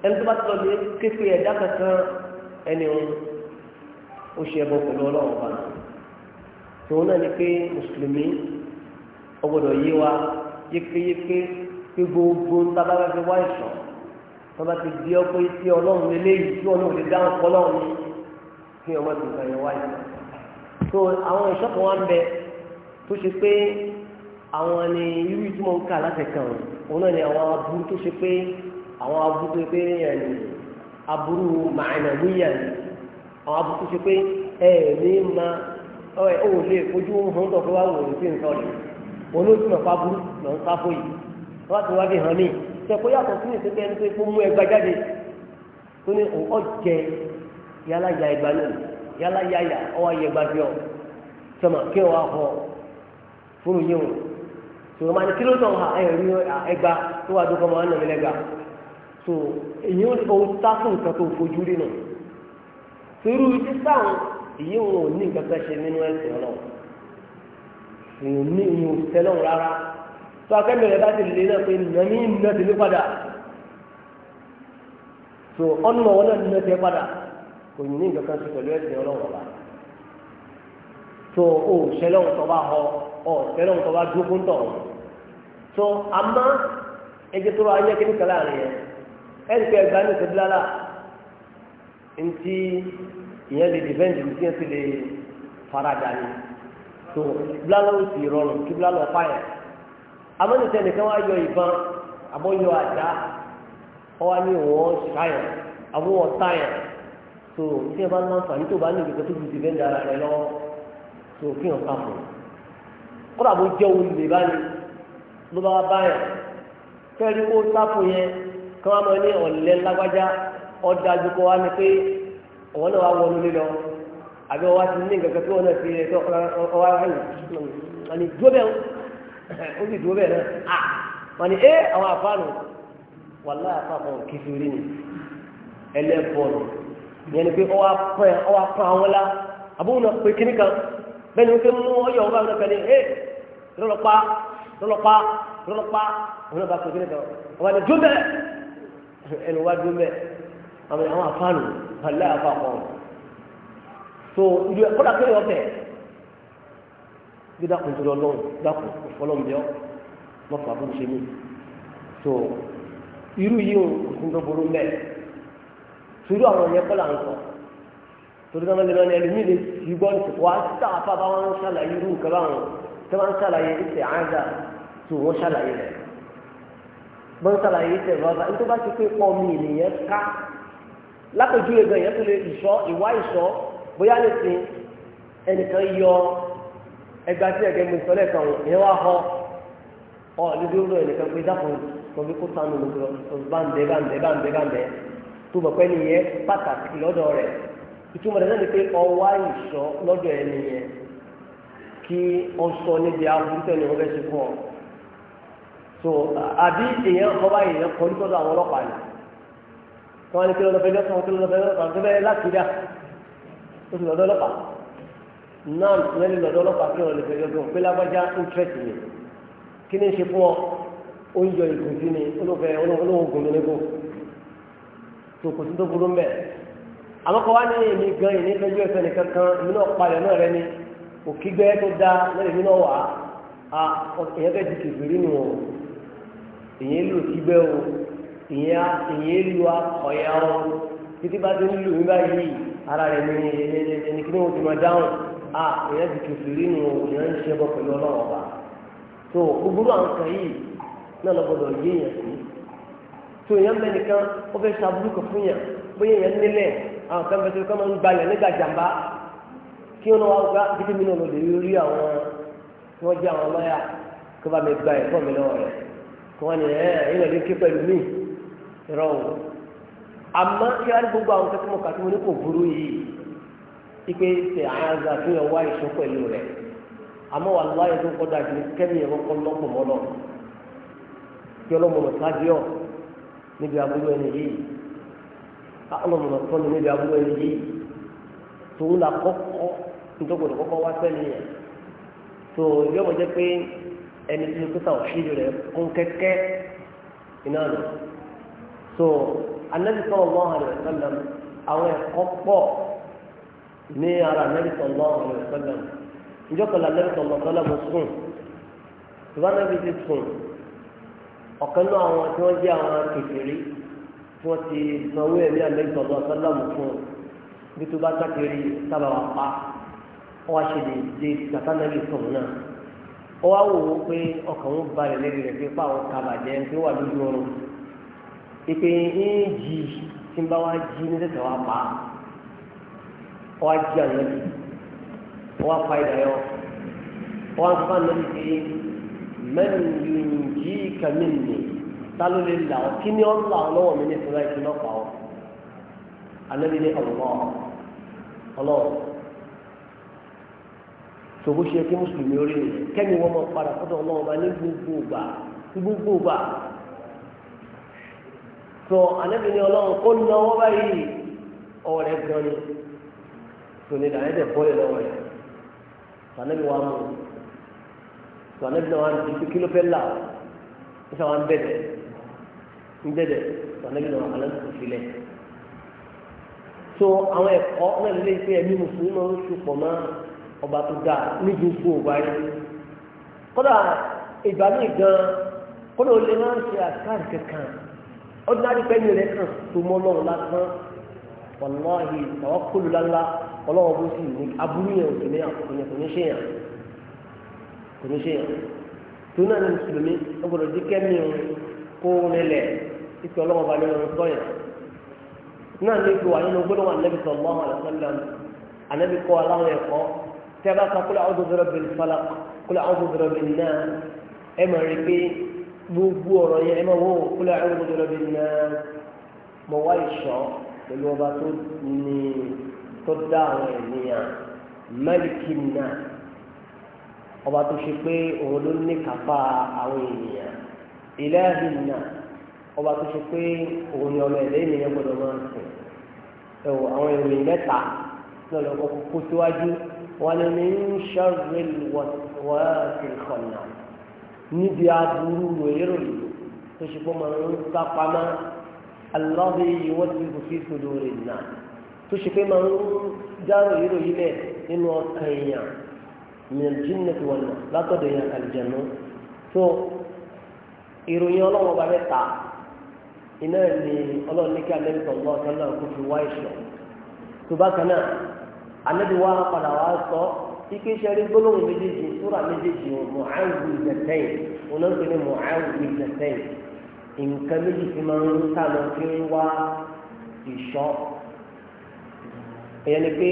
ẹni tó bá ti lọ lè ké pé ẹ̀dá kankan ẹni òun ó ṣe ẹbọ pẹ̀lú ọlọ́run ọba tòun náà ni pé mùsùlùmí ọgbọ́dọ̀ yé wa yékéyéké pé gbogbo ń tábà bá fi wá ìṣọ́ tó bá ti di ọkọ etí ọlọ́run lélẹ́yìí tí wọn ò lè dáhùn kọ́lọ́run kí ọmọ tó kàn yẹn wá ìṣọ́ tó àwọn ìṣọ́ àwọn ni irú la mo ń kà láti kàn òun náà ni àwọn aburú tó ṣe pé àwọn aburú tó ṣe pé ẹni aburú màánàwíyà ni àwọn aburú tó ṣe pé ẹ ma ọ ò lè fojú hàn tó fẹ́ wá wò sí nǹkan rẹ̀ òun ló tún nàpa lọ ń sáfó yìí ti wá fi hàn mí yàtọ̀ sí ní ìṣẹ́kẹ́ ẹni pé kó mú jáde tó ní ẹgbà náà ọ tòun máa ní kí ló tàn wá ẹ̀rí ẹgbà tó wà dúkọ́ máa ń nàmí lẹ́gbà tó èyí ohun sáfù nǹkan tó fojú rí nù torí ti sáwọn èyí òun ní nǹkan kan ṣe nínú ní rárá tó akẹ́mi bá ti náà pé nà padà tó ọ̀nà wọn náà nà padà ní nǹkan ṣe pẹ̀lú tó o ṣẹlẹ̀ bá họ. ọ̀ tẹ́lẹ̀ wọn kọ́ bá dúró fún tọ̀ tó àmọ́ ẹgbẹ́ tó rọ ayé kí ní kàlá rẹ̀ yẹn ẹ̀rí pé ẹgbàá ní ìṣẹ́bí lára ntí ìyẹn lè dìfẹ́ǹdì ní tiẹ̀ sí lè farada ni tó bílálọ́ ó sì rọrùn kí bílálọ́ fáyà àmọ́ nìṣẹ́ nìkan wá yọ ìbọn àbọ̀ yọ àdá ọwọ́ ní wọ́n ṣáyà àbọ̀ wọ́n táyà tó tí ẹ bá ń láǹfààní tó bá ní ìgbésẹ̀ tó fi dìfẹ́ǹdì ara rẹ̀ lọ́wọ́ tó fi hàn ká fún un. kódà bó jẹ́ òun lè bá ní ló bá bá yẹn fẹ́ẹ́rí kó sáfù yẹn kí wọ́n máa ní ọ̀lẹ́ lágbájá ọ̀dà àdúgbò wa ni pé ọ̀wọ́n náà wá wọnú lílọ àbí ọwọ́ ti ní tí wọ́n náà fi dúró bẹ́ẹ̀ ó sì dúró bẹ́ẹ̀ náà ni àwọn àfáànù wàlá kìfìrí ni yẹn ni pé ọwọ́ àwọn lá àbúrò náà pé kíníkan bẹ́ẹ̀ ni wọ́n ti mú ọyọ̀ náà lọ́lọ́pá lọ́lọ́pá lọ́lọ́pá òun náà bá pèsè nìkan ọba ní dúró bẹ́ẹ̀ ẹnu wá dúró bẹ́ẹ̀ àwọn àwọn àfáànù balẹ̀ àfàkọ́ so ìlú ẹ̀kọ́ dà kéwàá bẹ̀ bí dàkùn tó lọ́wọ́ dàkùn fọlọ́n bíọ́ lọ́fà bó ṣe mí so irú yìí òkun tó burú bẹ́ẹ̀ torí àwọn yẹn kọ́ là ń sọ torí náà lè lọ́ni ẹlòmíì lè ti gbọ́ nípa wá sí àwọn afábáwọn ṣàlàyé irú nǹkan báwọn tí wọ́n ń ṣàlàyé ìṣe àádá tó wọ́n ṣàlàyé rẹ̀ wọ́n ń ṣàlàyé ìṣe rọ́bà ní tó bá ti pé pọ̀ mi ènìyàn ká lápèjú ẹgbẹ́ yẹn tó lè ìṣọ́ ìwá ìṣọ́ bóyá lè fi ẹnìkan yọ ẹgbàá tí ẹgbẹ́ mi sọ́lẹ̀ kan ìyẹn wá họ ọ níbi olú ẹnìkan pé dákun tọ́bí kó sánú mi lọ báńdẹ́ báńdẹ́ báńdẹ́ báńdẹ́ tó bọ̀ pé ẹnìyẹn pàtàkì lọ́dọ̀ rẹ̀ ìtumọ̀ rẹ̀ ni pé ọwá ìṣọ́ lọ́dọ̀ ẹnìyẹn kí wọ́n sọ níbi aburú tẹ́lẹ̀ wọ́n fún ọ. so àbí èèyàn kọ́ báyìí èèyàn kọ́ nítorí àwọn ọlọ́pàá ni wọ́n á ní kí ló lọ fẹ́ lọ́sàn-án kí ló lọ fẹ́ lọ́sàn-án tó bẹ́ẹ̀ láti dá ó sì lọ́dọ̀ ọlọ́pàá náà lẹ́nu lọ́dọ̀ ọlọ́pàá kí wọ́n lè fẹ́ lọ́dọ̀ pé lágbájá interest ni kí ni ṣe fún ọ oúnjẹ ìgbòsí ni olóòfẹ́ olóògùn ló nígbò tó kò sí tó burú mbẹ́ àmọ́ wá ní èmi gan ìnífẹ́jú ẹ̀fẹ́ nìkan kan ìmúná palẹ̀ òkígbẹ́ tó dá lẹ́yìn mi náà wà á èyàn fẹ́ di kìfìrí nù ọ́ èyàn lò kígbẹ́ o èyàn lu akọ̀yà o títí bá ti ń lù mí báyìí ara rẹ̀ mi ẹni kí ni mo ti máa dáhùn á èyàn di kìfìrí nù ọ́ èyàn ń ṣe bọ́ pẹ̀lú ọlọ́wọ́ bá tó gbogbo àwọn kan yìí náà lọ gbọdọ̀ yé èyàn sí tó èyàn mẹ́ni kan ó fẹ́ ṣàbùkù fún yàn bóyá èyàn nílẹ̀ àwọn kan fẹ́ kí wọn wá gbá títí mi náà lò lè rí àwọn tí wọn jẹ àwọn lọ́yà kí wọn bá mi gba ẹ̀kọ́ mi lọ́wọ́ rẹ̀ kí wọn ní ẹ̀ ẹ̀ ìrìn àdéhùn pẹ̀lú mi rọ̀ o àmọ́ kí wọn gbogbo àwọn kẹ́kọ̀ọ́ mọ̀ kàtí wọn ní kò burú yìí ipe ṣe àyànza fún yẹn wá ìṣó pẹ̀lú rẹ̀ àmọ́ wà láyé tó kọ́ dájú kẹ́mi yẹn kọ́ lọ́pọ̀ mọ́ lọ kí ọlọ́mọlọ sáájú níbi àbúrò ẹni yìí ọlọ́mọlọ tọ́ni níbi àbúrò ẹni yìí tòun là kọ́kọ́ nítorí kọ́kọ́ wá sẹ́ni yẹn so yọmọ jẹ́ pé ẹni tó kó tàwọn ṣíbi rẹ̀ kún kẹ́kẹ́ iná nù tó anabi sallallahu alaihi wasallam àwọn ẹ̀kọ́ pọ̀ ní ara anabi sallallahu alaihi wasallam ìjọkọ̀lá anabi sallallahu alaihi wasallam sùn ìbá anabi ti sùn ọ̀kan náà àwọn tí wọ́n jẹ́ àwọn kékeré tí wọ́n ti sanwó ẹ̀mí anabi sallallahu alaihi wasallam fún bí tó bá sábà wà pa. wọ́n á ṣe lè dé gafanarị nàbì náà ó wá wò ó pé ọkàn ń balẹ̀ lẹ́bi rẹ̀ pé fáwọn kàbàjẹ́ pé wà lójú oorun ìpè ń jì tí ń bá wá jí ní wá pa ó jí àná bì ó wá pa ìdáyọ ó fún àná pé mẹ́rin jí kàmí nì lè là ọ́ kí ni ọ́ là ọ́ lọ́wọ́ mi ní pa ọ́ tòbó ṣe kí mùsùlùmí orí rẹ kẹ́mi wọ́n mọ̀ padà sọ́dọ̀ ọlọ́run bá ní gbogbo ògbà ní gbogbo ògbà tó ànábì ní ọlọ́run kó ní ọwọ́ báyìí ọwọ́ rẹ gan ni tó ní ìdáyẹ̀ tẹ̀ bọ́ọ̀lì lọ́wọ́ rẹ tó ànábì wà mú tó ànábì náà wà ní ibi kí ló fẹ́ là ó sọ wà ń bẹ̀rẹ̀ ń bẹ̀rẹ̀ tó ànábì náà alẹ́ kò filẹ̀ tó àwọn ẹ̀kọ́ náà lè ọba tó dáa ní gbogbo ọba yẹn kódà ìgbà míì gan kódà ó lè máa ń ṣe àkáǹtì kankan ordinary pẹ́ẹ́nì rẹ̀ kàn tó mọ́ lọ́rùn lásán wàláhì àwọn kólú lálá ọlọ́wọ́ bó sì ní aburú yẹn òsì ní àkókòyẹ kò ní ṣe yàn kò ní ṣe yàn tó náà ní mùsùlùmí ó gbọdọ̀ dí kẹ́mi kó nílẹ̀ ìpè ọlọ́wọ́ bá nínú sọ́yàn náà ní ipò wà nínú gbọ́dọ̀ wà nẹ́bí sọ̀rọ̀ tẹ́lá kan kúlẹ̀ àwọn òdòdó rẹ̀ bẹ̀rẹ̀ fọlá kúlẹ̀ àwọn òdòdó rẹ̀ bẹ̀rẹ̀ náà ẹ mọ̀ rí pé gbogbo ọ̀rọ̀ yẹn ẹ mọ̀ wọ́n kúlẹ̀ àwọn òdòdó rẹ̀ bẹ̀rẹ̀ náà mọ̀ wá ìṣọ́ pẹ̀lú ọba tó ní tó dá àwọn ènìyàn mẹ́lìkì náà ọba tó ṣe pé òun ló ní kápá àwọn ènìyàn ìlẹ́yìn náà ọba tó ṣe pé òun ni ọmọ ẹ̀dẹ́ ènìyàn gbọ́dọ̀ máa ń sìn ẹ̀wọ̀ àwọn ìròyìn mẹ́ta náà lọ́kọ́ kó síwájú. ومن شر الوسواس الخناس níbi aburú ròyìnròyìn tó ṣe fún ọmọ ń sá pamá aláwọ̀ yìí wọ́n ti kò fi sòdò rẹ̀ náà tó ṣe pé máa ń dá ròyìnròyìn lẹ̀ nínú ọkàn èèyàn mìíràn tí wọ́n nà látọ̀dọ̀ èèyàn àlìjẹ̀nu tó ìròyìn ọlọ́wọ́ bá mẹ́ta iná ni ọlọ́run ní kí alẹ́ nìkan bọ́ ọ̀sán náà kó fi wá ìṣọ̀ tó bákan náà anabi wa padà wá sọ ike sẹ́rí gbólóhùn méjèèjì súrà méjèèjì mọ̀áwù ìzẹ̀tẹ́yìn olóńgbé ni mọ̀áwù ìzẹ̀tẹ́yìn nǹkan méjì ti máa ń ta lọ kí ń wá ìṣọ́ ẹ̀yẹ́ni pé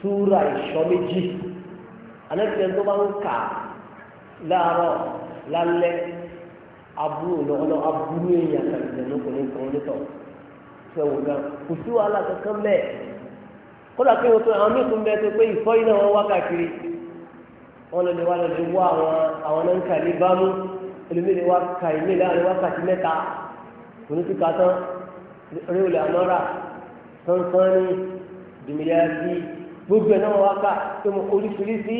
súrà ìṣọ́ méjì anabi tó bá ń kà láàárọ̀ lálẹ́ aburú lọ́wọ́lọ́ aburú èèyàn kàlùjẹ̀ lóko ní ìtàn onítọ̀ gan kò kankan bẹ́ẹ̀ kódà pé o tó àwọn míì tún bẹ tó pé ìfọ́ iná wọn wá káàkiri wọn lọ lè wá lọ lè wá àwọn àwọn náà ń kà ní bámú ẹlòmíì lè wá kà ìmí láàrin wákàtí mẹ́ta kò ní kíkà tán rí olè ànọ́ra sánsánì dùmílẹ̀ àti gbogbo ẹ̀ náà wá kà tó mọ oríṣiríṣi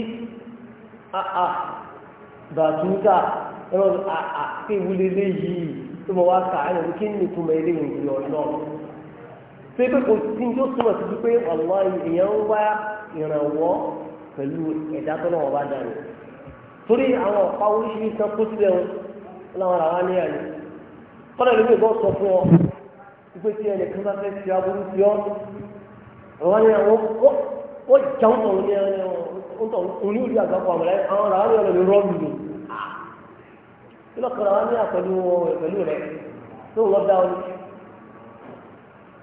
àà bàtúntà ẹ̀ wọ́n àà kéwú lélẹ́yìí tó mọ wá kà ẹ̀ lọ́wọ́ kí ni ìtumọ̀ eléyìí ọ̀nà pé pé kò sí ní tó túmọ̀ sí pé ọ̀lọ́ èèyàn ń wá tó náà wọ́n dànù torí àwọn ọ̀pá oríṣiríṣi kan kó sílẹ̀ wọn láwọn làwọn ní àná kọ́nà ìlú ìbọn sọ fún ọ ìgbé tí ẹnì kan bá fẹ́ fi aburú sí ọ àwọn ní àwọn ó jà ń tọ̀ ní ẹni ọ̀tọ̀ òní òdi àgbàpọ̀ àmàlà àwọn làwọn ní ọ̀nà rọ́ọ̀lù ni ah! kí lọ́kàn làwọn ní àpẹ̀lú rẹ̀ tó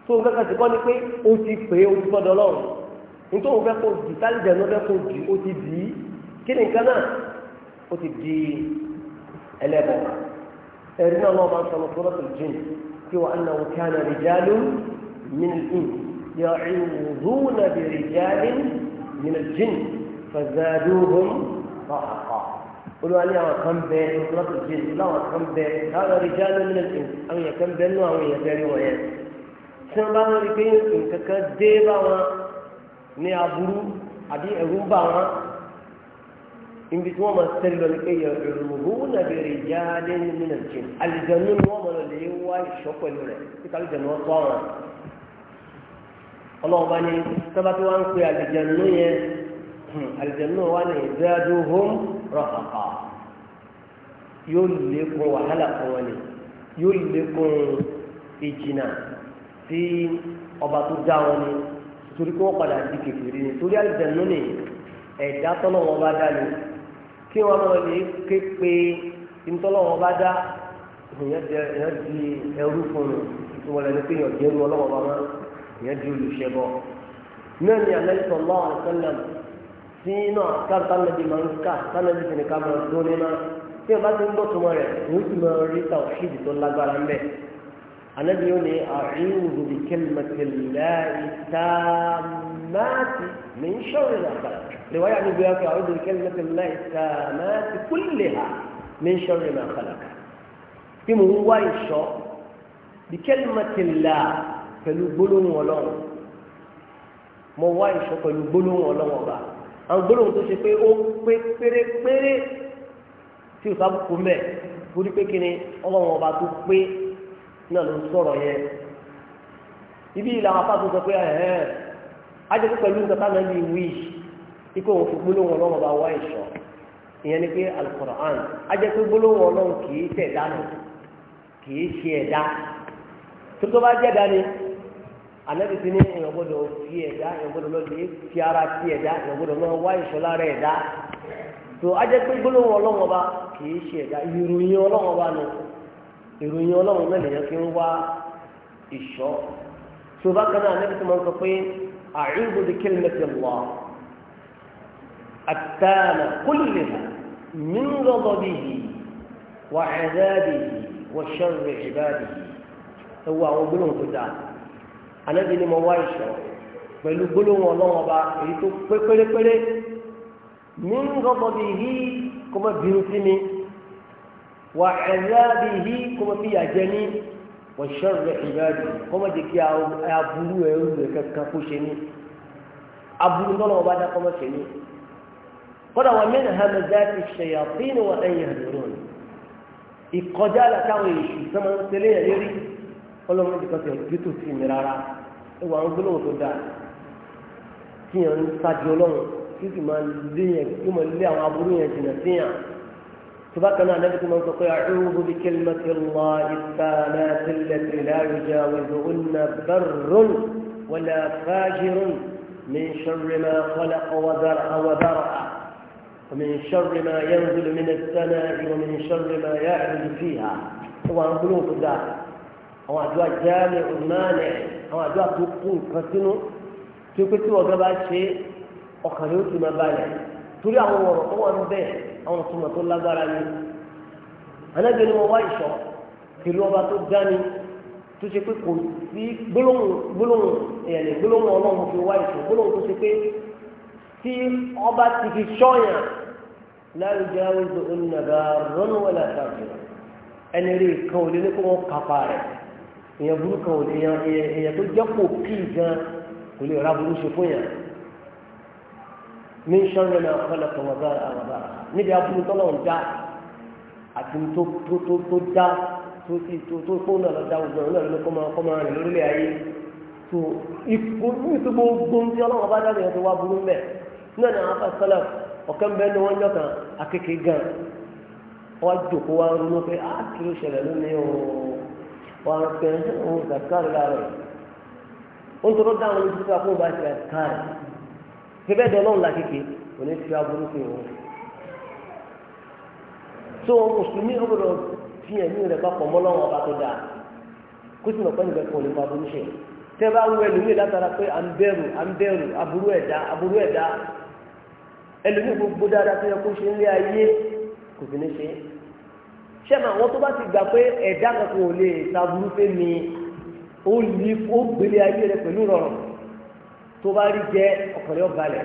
tó ń fẹ́ kàn sí kọ́ ni pé o ti pè é o ti fọ́dọ̀ ọlọ́run nítorí òun fẹ́ kó di tálíjà ní ọ̀fẹ́ kó di o ti di kí ni nǹkan náà o ti di ẹlẹ́bọ̀ ẹ̀rí náà lọ́wọ́ máa ń sọ̀rọ̀ fúnra tó jìn kí wọ́n á nà wọ́n kí á nà rìjálù mìíràn يعوذون برجال من الجن فزادوهم رهقا قلوا أن يرى كم بين سورة الجن لا كم بين هذا رجال من الإنس أو كم بين أو يبين ويبين tí wọ́n bá ń rí pé nǹkan kan dé bá wọn ní aburú àbí ẹ̀rú bá wọn níbi tí wọ́n máa tẹ́lẹ̀ lọ ní pé ìrùhùn nàbẹ̀rẹ̀ ìjà lé nínú ìjìn àlìjẹ̀nu ni wọ́n máa lè wá ìṣọ́ pẹ̀lú rẹ̀ kíkà àlìjẹ̀nu wọn tọ́ àwọn ọlọ́run bá ní sábà tí pe àlìjẹ̀nu yẹn àlìjẹ̀nu wa ní ìdájọ́ hóm rọ̀pàpà yóò lékun wàhálà fún wọn ni yóò lékun ìjìnà sí ọba tó dá wọn ni torí kí wọ́n padà di kékeré ni torí àlùjànnú ni ẹ̀dá tọ́lọ́wọ́n bá dá ni kí wọ́n lọ lè ké pé ntọ́lọ́wọ́n bá dá èèyàn di ẹrú fún un ìtumọ̀ lẹ́nu pé èèyàn jẹ́rú ọlọ́wọ́ bá wọn èèyàn di olùṣẹ́bọ̀ náà ni àlẹ́ sọ̀lọ́ àwọn sẹ́lẹ̀ tí náà káàkiri náà di máa ń ká sánàbí sì ni ká máa dún ní náà tí wọ́n bá ti ń gbọ́ tó mọ́ rẹ̀ èèyàn sì máa rí tàwọn ṣíìdì tó lágbára ń bẹ́ẹ̀ anabi yóò ní àìwùdù bí kẹlìmẹtìláì tààmàtì ní sọ́ọ̀rì nàkà rìwáyà níbi yà kọ́ àìwùdù bí kẹlìmẹtìláì tààmàtì kúlè ha ní sọ́ọ̀rì nàkà làkà bí mo ń wá ìṣọ́ bí kẹlìmẹtìlá pẹ̀lú gbólóhùn ọlọ́run mo wá ìṣọ́ pẹ̀lú gbólóhùn ọlọ́run ọba àwọn gbólóhùn tó ṣe pé ó pé pérépéré tí o sábà kú mẹ́ torí pé kí ọba tó pé. na ló sọ̀rọ̀ ibi ìlànà afáàtò sọ pé ẹ̀hẹ́n ajẹ́pẹ́ pẹ̀lú nǹkan táwọn ẹni wí ikú òun fi gbólóhùn ọlọ́run bá wá ìṣọ́ ìyẹn ni pé alukoran ajẹ́pẹ́ gbólóhùn ọlọ́run kì í tẹ̀ dánù ṣe ẹ̀dá tó tó bá anabi ti ní èèyàn fi ẹ̀dá èèyàn lọ lè fi ara fi ẹ̀dá èèyàn lọ wá ìṣọ́ lára ẹ̀dá tó gbólóhùn ọlọ́run ìròyìn ọlọ́run náà lèyàn fi ń wá ìṣọ́ tó bá kan náà níbi tí wọ́n sọ pé a'udhu bi kalimati Allah at-tamma kulliha min ghadabihi wa 'adhabihi wa sharri 'ibadihi ẹ wo àwọn gbólóhùn tó dáa anábì ni mo wá ìṣọ́ pẹ̀lú gbólóhùn ọlọ́run ọba èyí tó pé pérépéré min ghadabihi kó má bínú sí mi. وعذابه كما في أجني وشر عباده كما جك يا أبو كفوشني أبو الله بعد كما شني قال ومن همزات الشياطين وأن يهدرون إقجال كوي سما سليه يري قال لهم أنت كتير جتو في مرارا وأنا أقول لهم تدا كي أنت سجلون كي ما ليه كي ما ليه أبو ليه جنسيه سبقنا نبت من تطيع عوض بكلمة الله الثانات التي لا يجاوزهن بر ولا فاجر من شر ما خلق وذرع وذرع ومن شر ما ينزل من السماء ومن شر ما يعرج فيها هو قلوب ذاك هو أدواء جامع مانع هو أدواء تقول فسنو تقول تقول وقبات شيء وخلوت مبالغ تريد أن أقول àwọn ìtumọ̀ tó lágbára ni anábìyẹn ni mo wá ìṣọ pẹ̀lú ọba tó dání tó ṣe pé kò sí gbólóhùn gbólóhùn ẹ̀yẹ̀lẹ̀ gbólóhùn ọlọ́run fi wá ìṣọ gbólóhùn tó ṣe pé tí ọba ti fi ṣọ́yàn láwùjọ àwùjọ olùnàgà rọ́nù wọlé àtàkùn ẹni rí kan ò lé ní kó wọn kápá rẹ̀ èèyàn burúkú kan ò lè èèyàn tó jẹ́ kó kí gan kò lè ra burú ṣe fún yàn ní sọ́nrẹ́ náà ọ̀fẹ́lẹ̀ tó wọ́n bára àwọn bára níbi abúlé tọ́lọ̀ ń dá àti tó tó tó dá tó sì tó tó kó náà lọ dá gbogbo ọ̀rọ̀ náà ló kọ́ máa kọ́ máa rìn lórílẹ̀ ayé tó ipò nítorí gbogbo tí ọlọ́wọ́ bá dábìyàn tó wá burú mẹ́ náà ní àwọn afẹ́sẹ́lẹ̀ ọ̀kẹ́ bẹ́ẹ̀ ni wọ́n yọ̀kan akéke gan wá jòkó wá ronú pé á kí ló ṣẹlẹ̀ lónìí o wá ń pẹ́ òun bẹ́ẹ̀ dọ́ lọ́run làkèké kò ní fi aburú fún ìwọ. tó mùsùlùmí ó gbọdọ̀ fi ẹ̀mí rẹ̀ bá pọ̀ mọ́lọ́wọ́ ọba tó dáa kó sì mọ̀ pé nìkan kò ní máa burú ṣe. tẹ́ bá wọ ẹlòmíì látara pé à ń bẹ̀rù à ń bẹ̀rù aburú ẹ̀dá aburú ẹ̀dá ẹlòmíì gbogbo dáadáa tó yẹ kó ṣe nílé ayé kò fi ní ṣe. sẹ́mi àwọn tó bá ti gbà pé ẹ̀dá kankan ò lè ta burú fẹ́ mi ó lè ó gbélé ayé rẹ̀ pẹ̀lú rọrùn tó bá rí jẹ ọkùnrin ọ̀balẹ̀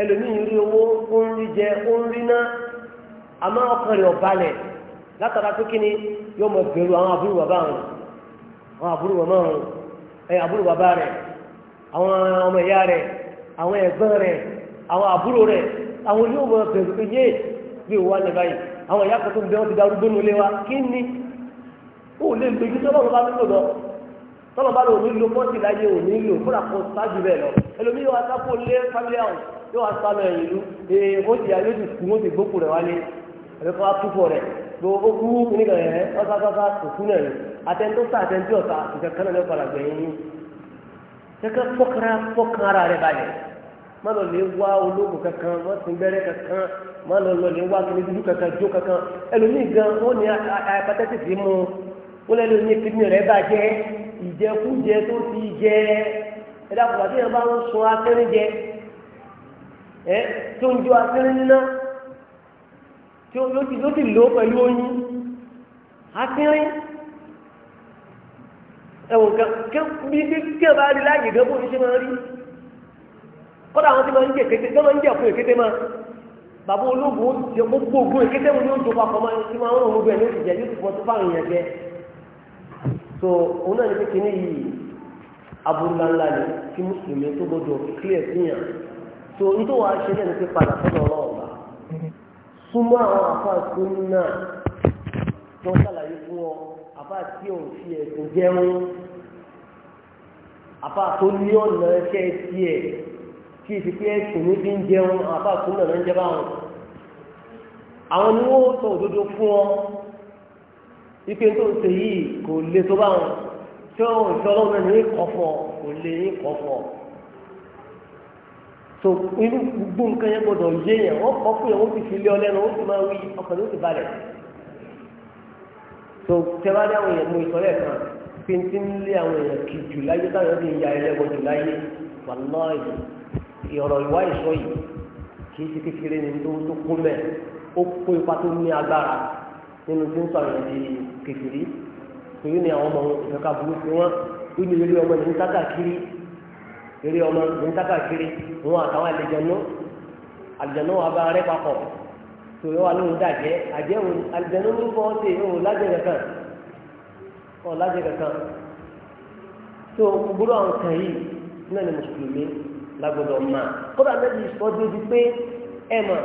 ẹlòmíì rí owó ó ń rí jẹ ó ń rí ná àmọ́ ọkùnrin ọ̀balẹ̀ látara pé kí ni yóò mọ bẹ̀rù àwọn àbúrò bàbá wọn àwọn àbúrò bàbá wọn ẹ àbúrò bàbá rẹ àwọn ọmọ ìyá rẹ àwọn ẹ̀gbọ́n rẹ àwọn àbúrò rẹ àwọn yóò mọ bẹ̀rù pé yé bí òwò wà báyìí àwọn ìyá kan tó ń bẹ wọn ti darúgbó nulẹ̀ wa kí ni ó lè lójú tó bá wọn bá lọ tọ́lọ̀ bá lò nílò pọ́ǹtì láyé ò nílò kó làkó sáájú bẹ́ẹ̀ lọ ẹlòmíì yóò wá sáko lé family house yóò wá sá lọ ìlú ee ó ti ayé ti kú ó ti gbókù rẹ̀ wálé ẹ̀rọ kó wá túbọ̀ rẹ̀ tó ó kú nígbà yẹn ọ̀sáfáfá kò kú náà yìí atẹ́ntó sá atẹ́ntó ọ̀sá ìkẹ́kẹ́ náà ló padà gbẹ̀yìn kẹ́kẹ́ fọ́kàrà fọ́kàrà rẹ̀ balẹ̀ má lọ lè wá olóògùn kankan má sin bẹ́rẹ́ kankan má lọ lọ lè wá kiri dúdú kankan jó kankan ẹlòmíì gan ó ní apatẹ́tì sí mu ó lẹ́nu ní kíndìnrín rẹ̀ bàjẹ́ ìjẹkújẹ tó ti jẹ ẹ̀dá kùtà tí yẹn bá ń sun akẹ́rẹ́ jẹ ẹ tó ń jó akẹ́rẹ́ níná tí ó ti ló ti lò pẹ̀lú oyin akẹ́rẹ́ ẹ̀wọ̀n kan bí kí ẹ bá rí láàyè gẹ́gbó ní ṣe máa rí kọ́dà àwọn tí máa ń jẹ kété tó máa ń jẹ fún èkété máa bàbá ológun ó ti jẹ gbogbo ògùn èkété wọn ni ó papọ̀ máa ń ti máa ń rọrùn gbẹ ní òṣìṣẹ́ yóò ti pọ̀ tó fáwọn èèyàn jẹ so òun náà ní pé kíní yìí ni kí mùsùlùmí tó gbọdọ̀ clear so nítorí wa ṣe lẹ́nu pé padà sọ́dọ̀ ọlọ́run bá súnmọ́ àwọn afáàkú náà tó ń ṣàlàyé fún ọ àfáà tí òun fi ẹ̀sìn jẹun àfáà tó ní ọ̀nà ẹ̀ṣẹ́ tiẹ̀ kí ìsìnkú ẹ̀sìn níbi ń jẹun náà ń ni òdodo fún ọ. ike tó ń ṣe yìí kò lè tó bá wọn tí wọn ò sọ lọ́wọ́ ní kò lè ní kọ̀fọ̀ so inú gbogbo nǹkan yẹn gbọdọ̀ yé yẹn wọ́n kọ́ fún yẹn wọ́n ti fi lé ọ lẹ́nu wọ́n ti máa wí ọkàn ló ti balẹ̀ so tẹ́wá ní àwọn èèyàn mú ìsọ̀rọ̀ kan fi ti ń lé àwọn èèyàn kì jù láyé táwọn ti ń ya ẹlẹ́gbọ̀n jù láyé wàláyé ìrọ̀ ìwá ìṣọ́ yìí kì í ti kékeré ni tó kún mẹ́ ó kó ipa tó ní agbára nínú tí ń sọ àwọn ẹni kékeré torí ni àwọn ọmọ ìfẹ́ka burú fi wọ́n wíbi eré ọmọ ní ntákà kiri eré ọmọ ní ntákà kiri wọn àtàwọn àlejànú àlejànú wà bá rẹ papọ̀ torí wà lóhùn dàjẹ́ àjẹ́ òun àlejànú ló fọ́ ọ́ sí òun lájẹ́ kankan ọ̀ lájẹ́ kankan tó gbúdọ̀ àwọn kan yìí náà ni mùsùlùmí lágbọ́dọ̀ máa kódà méjì sọ́dún bíi pé ẹ̀ mọ̀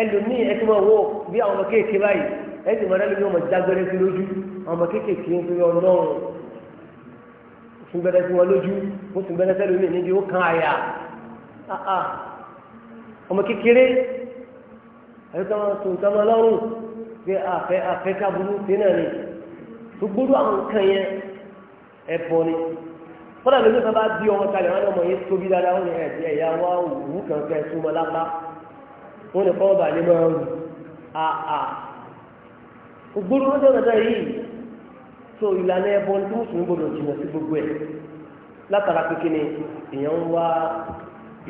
ẹlòmíì ẹ̀ tó máa wò bí àwọn ọmọ kéèké báyìí ẹsìn mọ̀ọ́dá lómi ọmọ jágbẹ́rẹ́ sí lójú ọmọ kéékèèké ń fi ọlọ́run sungbẹ́rẹ́ sí wọn lójú ó sungbẹ́rẹ́ sẹ́lẹ̀ omi níbi ó kan àyà ah, ah. ọmọ kékeré àyíká máa sùn ká máa lọ́rùn pé àfẹ́ àfẹ́ kábúrú sí náà ni tó gbódò àwọn nǹkan yẹn ẹ̀bọ ni fọlá lómi kan bá bí ọmọ kalẹ̀ wọn ọmọ yẹn tóbi dáadáa wọn ni ẹ̀jẹ̀ ìyá wa òwú kan fẹ́ súnmọ́ lápá wọn ni fọwọ́ bàálẹ̀ máa ń wù ah, gbogbo ọjọ́ dandan yìí tó ìlànà ẹbọ ní tí mùsùlùmí gbọdọ̀ jìnnà sí gbogbo ẹ̀ látara kékeré èèyàn ń wá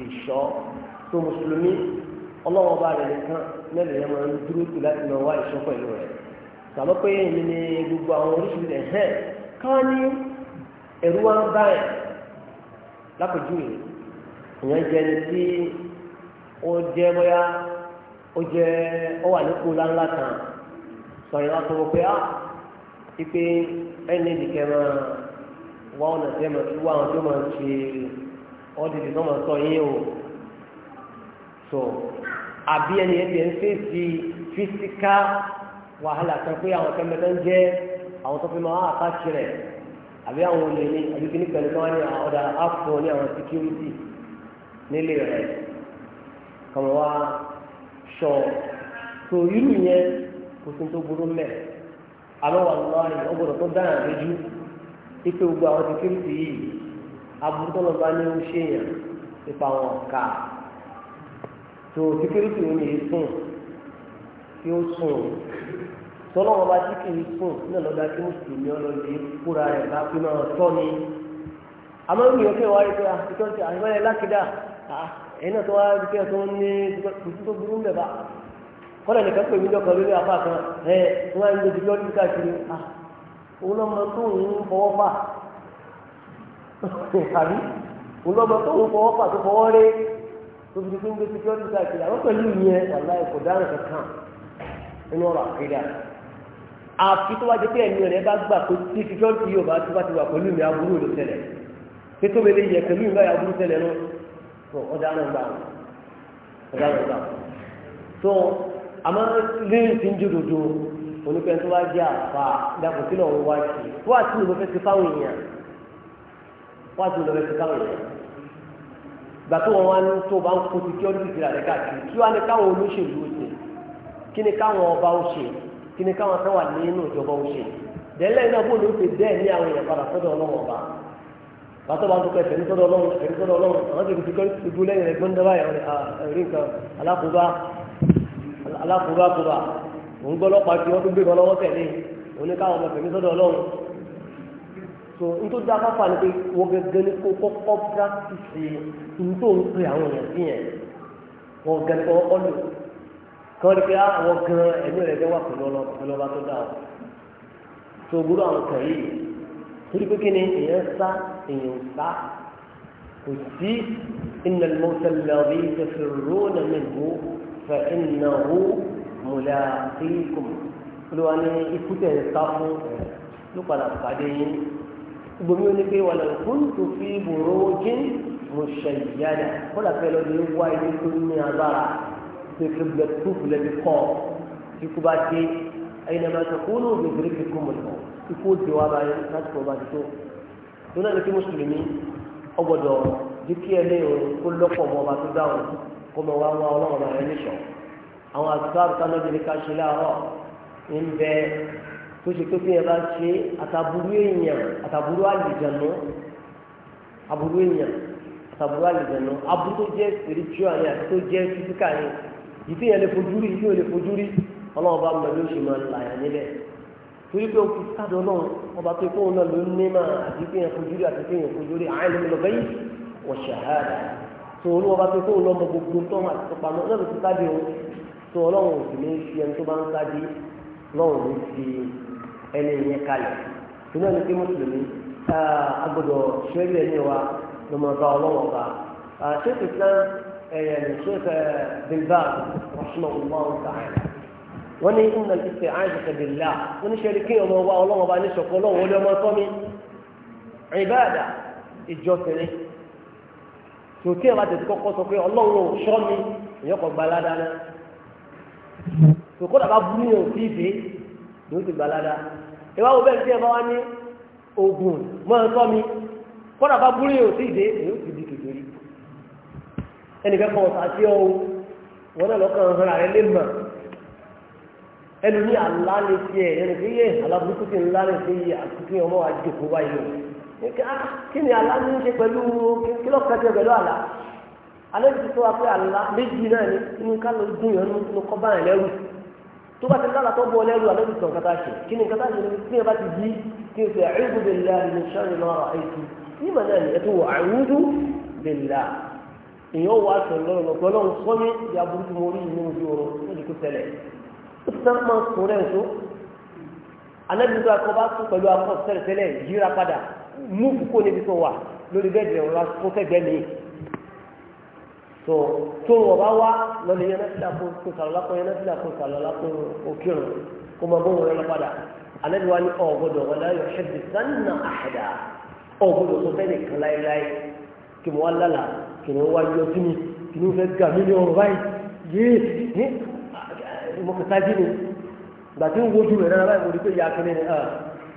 ìṣọ́ tó mùsùlùmí ọlọ́wọ́n bá rẹ̀ nìkan mẹ́rin yẹn máa ń dúró tù láti máa wá ìṣọ́ pẹ̀lú rẹ̀ gbàgbọ́ pé èmi ni gbogbo àwọn oríṣiríṣi ẹ̀hẹ́n káwọn ní ẹ̀rú wa ń bá ẹ̀ lápèjúwe èèyàn jẹ́ ẹni tí ó jẹ́ bóyá ó jẹ́ ó wà nípò láńlá kan sọ̀rọ̀ láti wọ pé á ah, ipe ẹni nìkẹ́ máa wá ọ̀nà tẹ́ máa fi wá àwọn tó máa ṣe ọ́dìdì tó máa sọ yín o so àbí ẹni ẹni ẹni fèsì físíkà wàhálà kan pé àwọn kẹ́mẹ́tẹ́ ń jẹ́ àwọn tó fi máa àtàkì rẹ̀ àbí àwọn olè ní àbí kí ní pẹ̀lú kí wọ́n ní ọ̀dà áfò ní àwọn síkírítì nílé rẹ̀ kàwọn wá sọ so irú yẹn. kò sí tó burú nwaanyị àmọ́ wà lọ́ọ̀rì ó gbọ́dọ̀ tó dáhà lójú ipe gbogbo àwọn security yìí aburú tó lọ bá ní ó ṣe yàn nípa wọn kà tó security ò ní sùn tí ó sùn tọ́lọ́ wọn bá tí kì í sùn ni ti kọ́lá nìkan pè mí lọ́kàn lórí apá kan ẹ wọ́n á ń dojú lọ́dún káàkiri à ah, òun lọ́mọ tó ń fọwọ́ fà àbí òun lọ́mọ tó ń fọwọ́ fà tó fọwọ́ rẹ́ tó fi gbé gbé security káàkiri àwọn pẹ̀lú ìyẹn wàlá ẹ̀kọ́ dáhùn kankan nínú ọ̀rọ̀ àkìdá àfi tó wá jẹ́ pé ẹ̀mí rẹ̀ bá gbà pé tí security yóò bá tó bá ti wà pẹ̀lú mi aburú ló ṣẹlẹ̀ pé tó wẹlé yẹ pẹ̀lú mi aburú ṣẹlẹ̀ lọ tó ọ̀daràn gbà ọ̀daràn gbà tó àmọ́ léyìn tí ń jó dodo onípẹ́ tó wá jẹ́ àfa dàpọ̀ kí lọ́wọ́ wá sí i wá sí ìlú fẹ́ ti fáwọn èèyàn wá sí ìlú fẹ́ ti fáwọn èèyàn gbà tó wọn wá ní tó bá ń kó ti kí ọdún ìdílé rẹ̀ káàkiri kí wá ní káwọn olóṣèlú ó ṣe kí ni káwọn ọba ó ṣe kí ni káwọn kan wà nínú ìjọba ó ṣe dẹ́lẹ́ iná bó ló ṣe bẹ́ẹ̀ ní àwọn èèyàn padà sọ́dọ̀ ọlọ́wọ́ ọba bàtọ́ bá ń tọ́kọ ẹ̀fẹ̀ nítorí ọlọ́run ẹ̀fẹ̀ nítorí ọlọ́run àwọn tó ti kọ́ ìdúró lẹ́yìn rẹ̀ gbọ́ndọ́ báyìí rí nǹkan alákòóbá alákùúrákùúrá òun gbọ́ ọlọ́pàá tí wọ́n tún gbé wọn lọ́wọ́ tẹ̀lé òun ní káwọn ọmọbìnrin sọ́dọ̀ ọlọ́run so n tó dá pápá ni pé wọ́n gẹ́gẹ́ ní kó kọ́kọ́ pírátìsì n tó ń pè àwọn èèyàn sí yẹn wọ́n gẹ́gẹ́ kọ́ ọlù kí wọ́n rí pé ah, àwọn gan ẹ̀mí rẹ̀ gẹ́wà pẹ̀lú ọlọ́ba tó dá so gbúdọ̀ àwọn kan yìí torí pé kí ni èèyàn sá èèyàn sá kò sí ìnàlmọ́sálẹ̀ فإنه ملاقيكم ló wà ní ikú tẹ̀ ń sá fún ló padà pàdé yín gbomi ó ní pé wàlẹ̀ òkun tó fi bòrò jín mo ṣe ìyáda kódà pé lọ́dún yìí wá ilé tó ní agbára pépé bẹ tó filẹ̀ bí kọ́ ikú bá dé ẹ̀yin ẹ̀ma tó kó ló ń bèbèrè fi kó mọ̀ lọ ikú ó di wá báyìí láti kó bá ti tó lónà ní kí mùsùlùmí ọgbọ̀dọ̀ dúkìá lẹ́yìn kó lọ́pọ̀ mọ́ ọba tó dáhùn kó mọ wá wá ọlọ́run náà rẹ níṣọ àwọn àtúntò àtúntò ká ṣe láàárọ̀ ń bẹ tó ṣe pé fún yẹn bá ṣe àtàbúrú èèyàn àtàbúrú àlìjànú àbúrú èèyàn àtàbúrú àlìjànú àbúrú tó jẹ́ spiritual ni àti tó jẹ́ physical ni ìdí yẹn lè fojú rí ìdí yẹn lè fojú rí ọlọ́run bá mọ̀ ló ṣe máa là yẹn níbẹ̀ torí pé òkú sádọ náà ọba tó kóun náà ló ní máa àti pé yẹn fojú rí àti pé yẹn fojú rí àìlè lọ́bẹ̀yìn wọ̀ tó olúwa bá tó kó lọ́mọ gbogbo tó wọn àti tọpamọ́ lọ́dún tó sáde o tó ọlọ́run sì ní fi ẹni tó bá ń sáde lọ́run ní fi ẹni yẹn kalẹ̀ tó náà ní pé mùsùlùmí agbọ́dọ̀ ṣẹ́rí ẹni wa lọ́mọ bá ọlọ́wọ́n bá ṣéèkì sàn ẹ̀yẹ ṣéèkì bilba rahimahullah ta'ala wọ́n ní ìnà ìfẹ́ àìsàn bìlá wọ́n ní ṣẹ́rí kí ọmọ wa ọlọ́wọ́n bá ní ṣọ̀kọ́ ọlọ́wọ́n ó ọmọ tòtí ẹ̀ bá tètè kọ́kọ́ sọ pé ọlọ́run ò sọ mi èèyàn kò gba ládàá náà tòkọ́dà bá bú mi ò tí ì dé ló ti gba ládàá ìwà wo bẹ́ẹ̀ tí ẹ bá wá ní oògùn mọ́ ẹ sọ mi kọ́dà bá bú mi ò tí ì dé èèyàn ti di kékeré ẹnìkan kan ọ̀sà tí ọ wọn náà lọ́kàn hàn rẹ̀ lè mọ̀ ẹnu ní àlá lè fi ẹ̀ ẹnìkan ńlá lè fi àtúntì ọmọ wa jòkó báyìí kí ni àlá ní ṣe pẹ̀lú kí ló kẹ́kẹ́ pẹ̀lú àlá alẹ́ ti tó wa pé àlá méjì náà ni inú ká ló dùn yẹn nínú kọ́ bá yẹn lẹ́rù tó bá ti dára tó bọ́ lẹ́rù alẹ́ ti tàn kátà ṣe kí ni kátà ṣe ni kí ni bá ti di kí ni sẹ́ ẹ̀rù bẹ̀lá ni sọ́ọ̀rì náà rà ètò ní ìmọ̀ ẹ̀ tó wọ àrùndù bẹ̀lá èèyàn wà sọ ti sáà máa sùn rẹ̀ nso alẹ́ ti tó akọ bá sùn pẹ̀lú akọ sẹ́lẹ̀ sẹ́lẹ̀ yíra padà múfù kó níbi tó wà lórí bẹ́ẹ̀dì rẹ̀ wọ́n tó fẹ́ gbẹ́mí tó tó wọ́n bá wá lọ́lẹ̀ yẹn náà kó sàlọ́ lápò yẹn náà kó sàlọ́ lápò òkìrùn kó máa bóun rẹ̀ lọ padà alẹ́ wa ni ọ̀gbọ́dọ̀ wọn láyé ọ̀ṣẹ́ bí sanna àṣàdá ọ̀gbọ́dọ̀ tó fẹ́ nìkan láéláé kí mo wá lálà kí mo wá yọ sí mi kí mo fẹ́ gà mí ní ọ̀rọ̀ báyìí yéé ní mo kẹta jí ni gbàtí ń wojú rẹ̀ náà báyìí mo rí pé ya kí ni ah,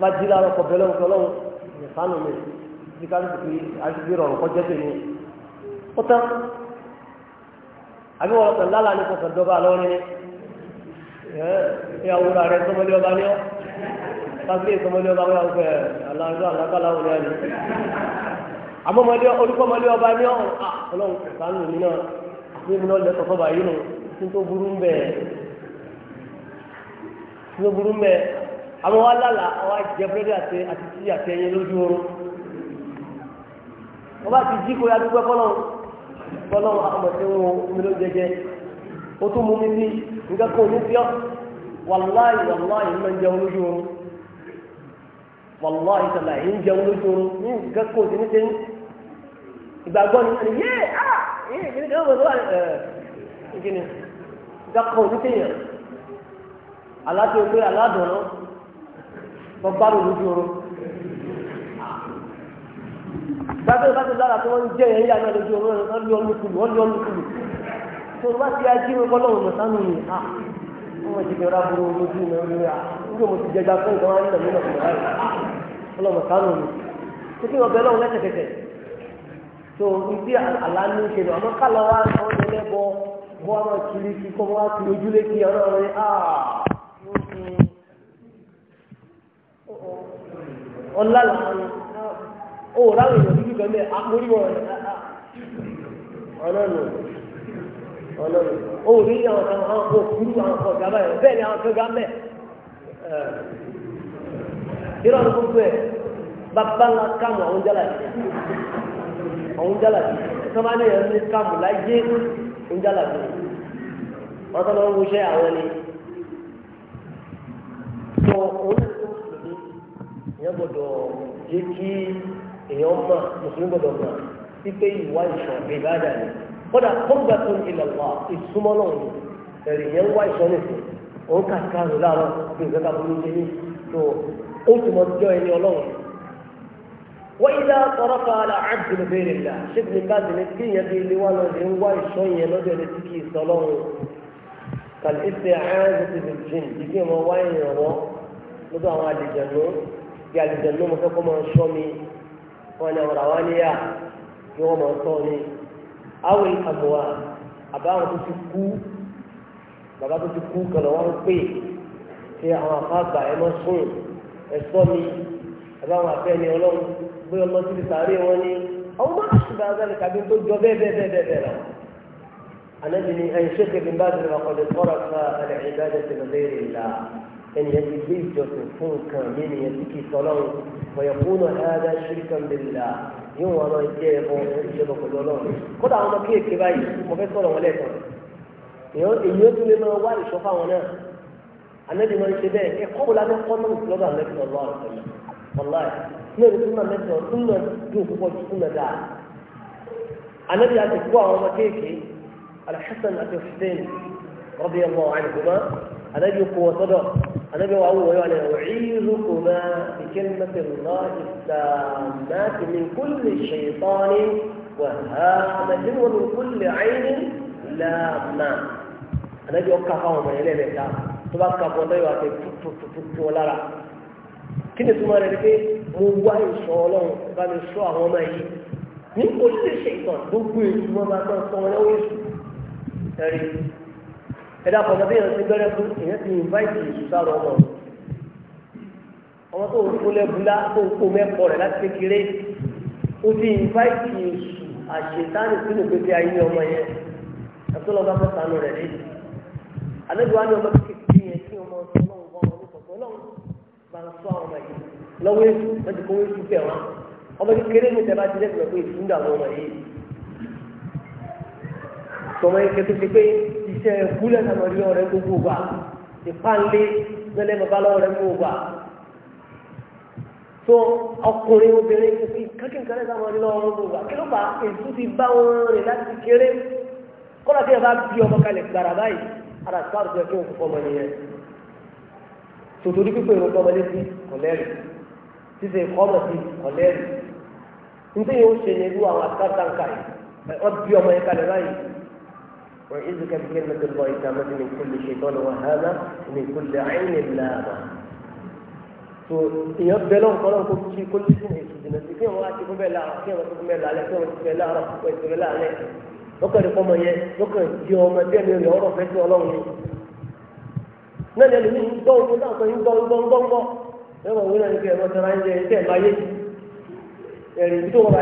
láti jí ọkọ̀ bẹ̀rẹ̀ ọkọ̀ lọ́wọ́ ìfànù mi bí ká lóṣù pé rọrùn kọjá tèmi ó tán ní kọkàn dọba lọrin ni ya rà rẹ sọmọlé ọba ní ọ káfílẹ sọmọlé ọba wọn fẹ aláàjọ wọn ọba ní mi náà ní ìmúná yìí nù tí tó burú àwọn wa lálàá àwa jẹ búrẹ́dì àti àti tí àti ẹyin lójú oorun wọ́n bá ti jí kó ya dúpẹ́ fọ́lọ́ fọ́lọ́ àmọ̀tí wọn omi ló jẹjẹ ó tún mú mi sí nǹkan kan ní fíọ́ wàláì wàláì ń máa ń jẹun lójú oorun wàláì sọ̀lá yìí ń jẹun lójú oorun ní nǹkan kan sí ní sẹ́yìn ìgbàgbọ́ ni ah, wọ́n ní yé á yé kìnnì kan wọ́n wà ẹ̀ kìnnì nǹkan kan sí sẹ́yìn aláàtò pé aládùn náà lọ bá lò lójú oorun gbàgbé bá ti lára tí wọ́n ń jẹ́ yẹn yíyá náà lójú oorun wọ́n lé ọlú kùlù wọ́n lé ọlú kùlù tó o bá ti ají wọn kọ́ lọ́wọ́ mọ̀sánù yìí a ah, wọ́n ti bẹ̀rẹ̀ aburú lójú mi ó lóra nígbà mo ti jẹjà fún ìgbà wọn ní ìlànà ìlànà ọlọ́wọ́ mọ̀sánù mi tó kí ọbẹ̀ lọ́wọ́ lẹ́sẹ̀kẹsẹ̀ tó ibi àlánú ṣe lọ àmọ́ kálọ̀ wa ọ̀dẹ̀ lẹ́bọ̀ bọ́ àwọn kiri kíkọ́ wọn á kiri ojúlé kí ọlọ́run ọ̀la làwọn ò ráwọ̀ èèyàn dúdú kan bẹ́ẹ̀ àpòríwọ̀ rẹ̀ ọlọ́run ọlọ́run ó rí àwọn kan àwọn kan òkúrú àwọn kan ọ̀gá báyìí bẹ́ẹ̀ ni àwọn kan gá mẹ́ irọ́ ni gbogbo ẹ̀ bàbá ńlá kàmù àwọn jálà yìí àwọn jálà yìí sọ́mà ní ẹ̀ ní kàmù láyé ń jálà yìí wọ́n tọ́ lọ́wọ́ wọṣẹ́ àwọn ni èèyàn gbọ́dọ̀ jẹ́ kí èèyàn mọ̀ mùsùlùmí gbọ́dọ̀ mọ̀ sí pé ìwà ìṣọ̀ ìbáàdà ni kódà kọ́ńgbà tó ń ilẹ̀ wà ìsúmọ́ náà ni ẹ̀rì yẹn ń wá ìṣọ́ nìkan òun kàkà rò láàárọ̀ bí nǹkan kan burú ṣe ní tó ó sì mọ jọ ẹni ọlọ́run. wọ́n ilé ọ̀rọ̀ kan àlà àdùnnú bẹ́ẹ̀ rẹ̀ ṣébìlì káàdì ni kí ìyẹn bí ilé wa lọ ń wá ìṣọ́ yẹn lọ́dọ̀ ẹni tí kì í sọ ọlọ́run kàlẹ́sẹ̀ bí àlùjànnú mo fẹ́ kó máa ṣọ́ mi wọn ni àwọn àwọn àníyà kí wọ́n máa tọ́ mi àwọn àbọ̀wà àbáwọn tó ti kú bàbá tó ti kú kọlọ̀ wọn pè ṣe àwọn àfáàgbà ẹ mọ́ sùn ẹ sọ́ mi àbáwọn àfẹ́ni ọlọ́run bí ọmọ tí ti sàárè wọn ni ọmọ bá ṣùgbọ́n kàbí tó jọ bẹ́ẹ̀ bẹ́ẹ̀ bẹ́ẹ̀ bẹ́ẹ̀ lọ. àná mi ni ẹ̀yin ṣé kébìnbá ti rà kọ́lé fún àlẹ́ ìdájọ́ ti lọ bẹ́ẹ̀ la ẹnìyẹn ti gbé ìjọsìn fún nǹkan mi nìyẹn tí kì í sọ lọ́run fọyọ̀kúnà ẹ̀ẹ́dá ṣíríkà ńlẹ̀lá yóò wọn lọ jẹ́ ẹ̀bọ ìṣẹ́bọ̀ pẹ̀lú ọlọ́run kódà àwọn ọmọ kéèké báyìí mo fẹ́ sọ̀rọ̀ wọn lẹ́ẹ̀kan èyí ó tún lè máa wá ìṣọ́ fáwọn náà anẹ́bí máa ń ṣe bẹ́ẹ̀ ẹ̀kọ́ wò lánàá kọ́ náà lọ́dọ̀ anẹ́bí ọ̀lọ́ àlùfẹ́lẹ́ ọ̀lá ẹ̀ ní ẹ̀rọ النبي وهو يعني أعيذكما بكلمة الله التامات من كل شيطان وهامة ومن كل عين لامة النبي وكفاهم من إليه بيتا تبقى كفاهم ده يواتي تولارا كنت سمع لك مواه شعلون بان الشعر وما يجي من كل شيطان دقوا يسمى ما كان صنعوا ẹ̀dá pọ̀jọ́ bí èèyàn ti gbẹ́rẹ́ fún èèyàn ti invite èṣù sára ọmọ ọmọ tó ń kó lẹ́bùlá tó ń kó mẹ́kọ̀ọ́ rẹ̀ láti kékeré ó ti invite èṣù àṣetánì sínú pépé ayé ọmọ yẹn àti ọlọ́ba fẹ́ sànú rẹ̀ lé àlejò àná ọmọ kékeré yẹn kí ọmọ ọlọ́run bá wọn lóko ọlọ́run bá ń sọ àwọn ọmọ yìí lọ́wọ́ èṣù lọ́jọ́ kó wọ́n èṣù bẹ̀ wọn ọmọ kékeré mi tẹ́ bá ti lẹ́sìn lọ́pọ̀ èṣù ń dà wọ́n ọmọ yìí tọmọ yìí kẹtù ti pé iṣẹ́ ìkúlẹ̀ náà lọ rẹ gbogbo gbà ìpánlé lẹ́lẹ́ bàbá lọ́wọ́ rẹ gbogbo gbà. tó ọkùnrin obìnrin kò sí kákìnkàn lẹ́sà máa lọ́wọ́ rẹ gbogbo gbà kí ló fà á èso ti bá wọn rìn láti kéré kọ́lá tí ẹ bá bí ọmọ kalẹ̀ gbàrà báyìí ara tó àrùn jẹ́ kí òun fọmọ nìyẹn. tòtòrí pípẹ́ ìròkọ́ ọmọdé sí kọ̀lẹ́rì ṣíṣe ìkọ́mọ̀ sí kọ̀lẹ́rì nítorí ó ṣe yẹn lú àwọn àtúntà yìí wọ́n bí ọmọ yẹn kalẹ̀ báyìí وإذك بكلمة الله تامة من كل شيطان وهامة من كل عين لامة so èèyàn bẹ lọ́wọ́ kọ́ lọ́wọ́ kó fi kó lè sìn èso dènà sí kí wọ́n á ti fún bẹ́ẹ̀ láàárọ̀ kí wọ́n ti fún bẹ́ẹ̀ láàárọ̀ kí wọ́n ti fún bẹ́ẹ̀ láàárọ̀ kí wọ́n ti fún bẹ́ẹ̀ láàárọ̀ lọ́kàn ní kọ́mọ yẹn lọ́kàn di ọmọ ẹgbẹ́ mi rẹ̀ ọ̀rọ̀ fẹ́ sí ọlọ́run ni. náà ní ẹlòmíì ń gbọ́ ohun náà sọ ń gbọ́ ń gbọ́ ń gbọ́ ń gbọ́ ẹ̀wọ̀n wíwọ̀n ní kí ẹ̀rọ tẹ̀ra ń jẹ ẹ̀jẹ̀ máa yé ẹ̀rì tó wọ́n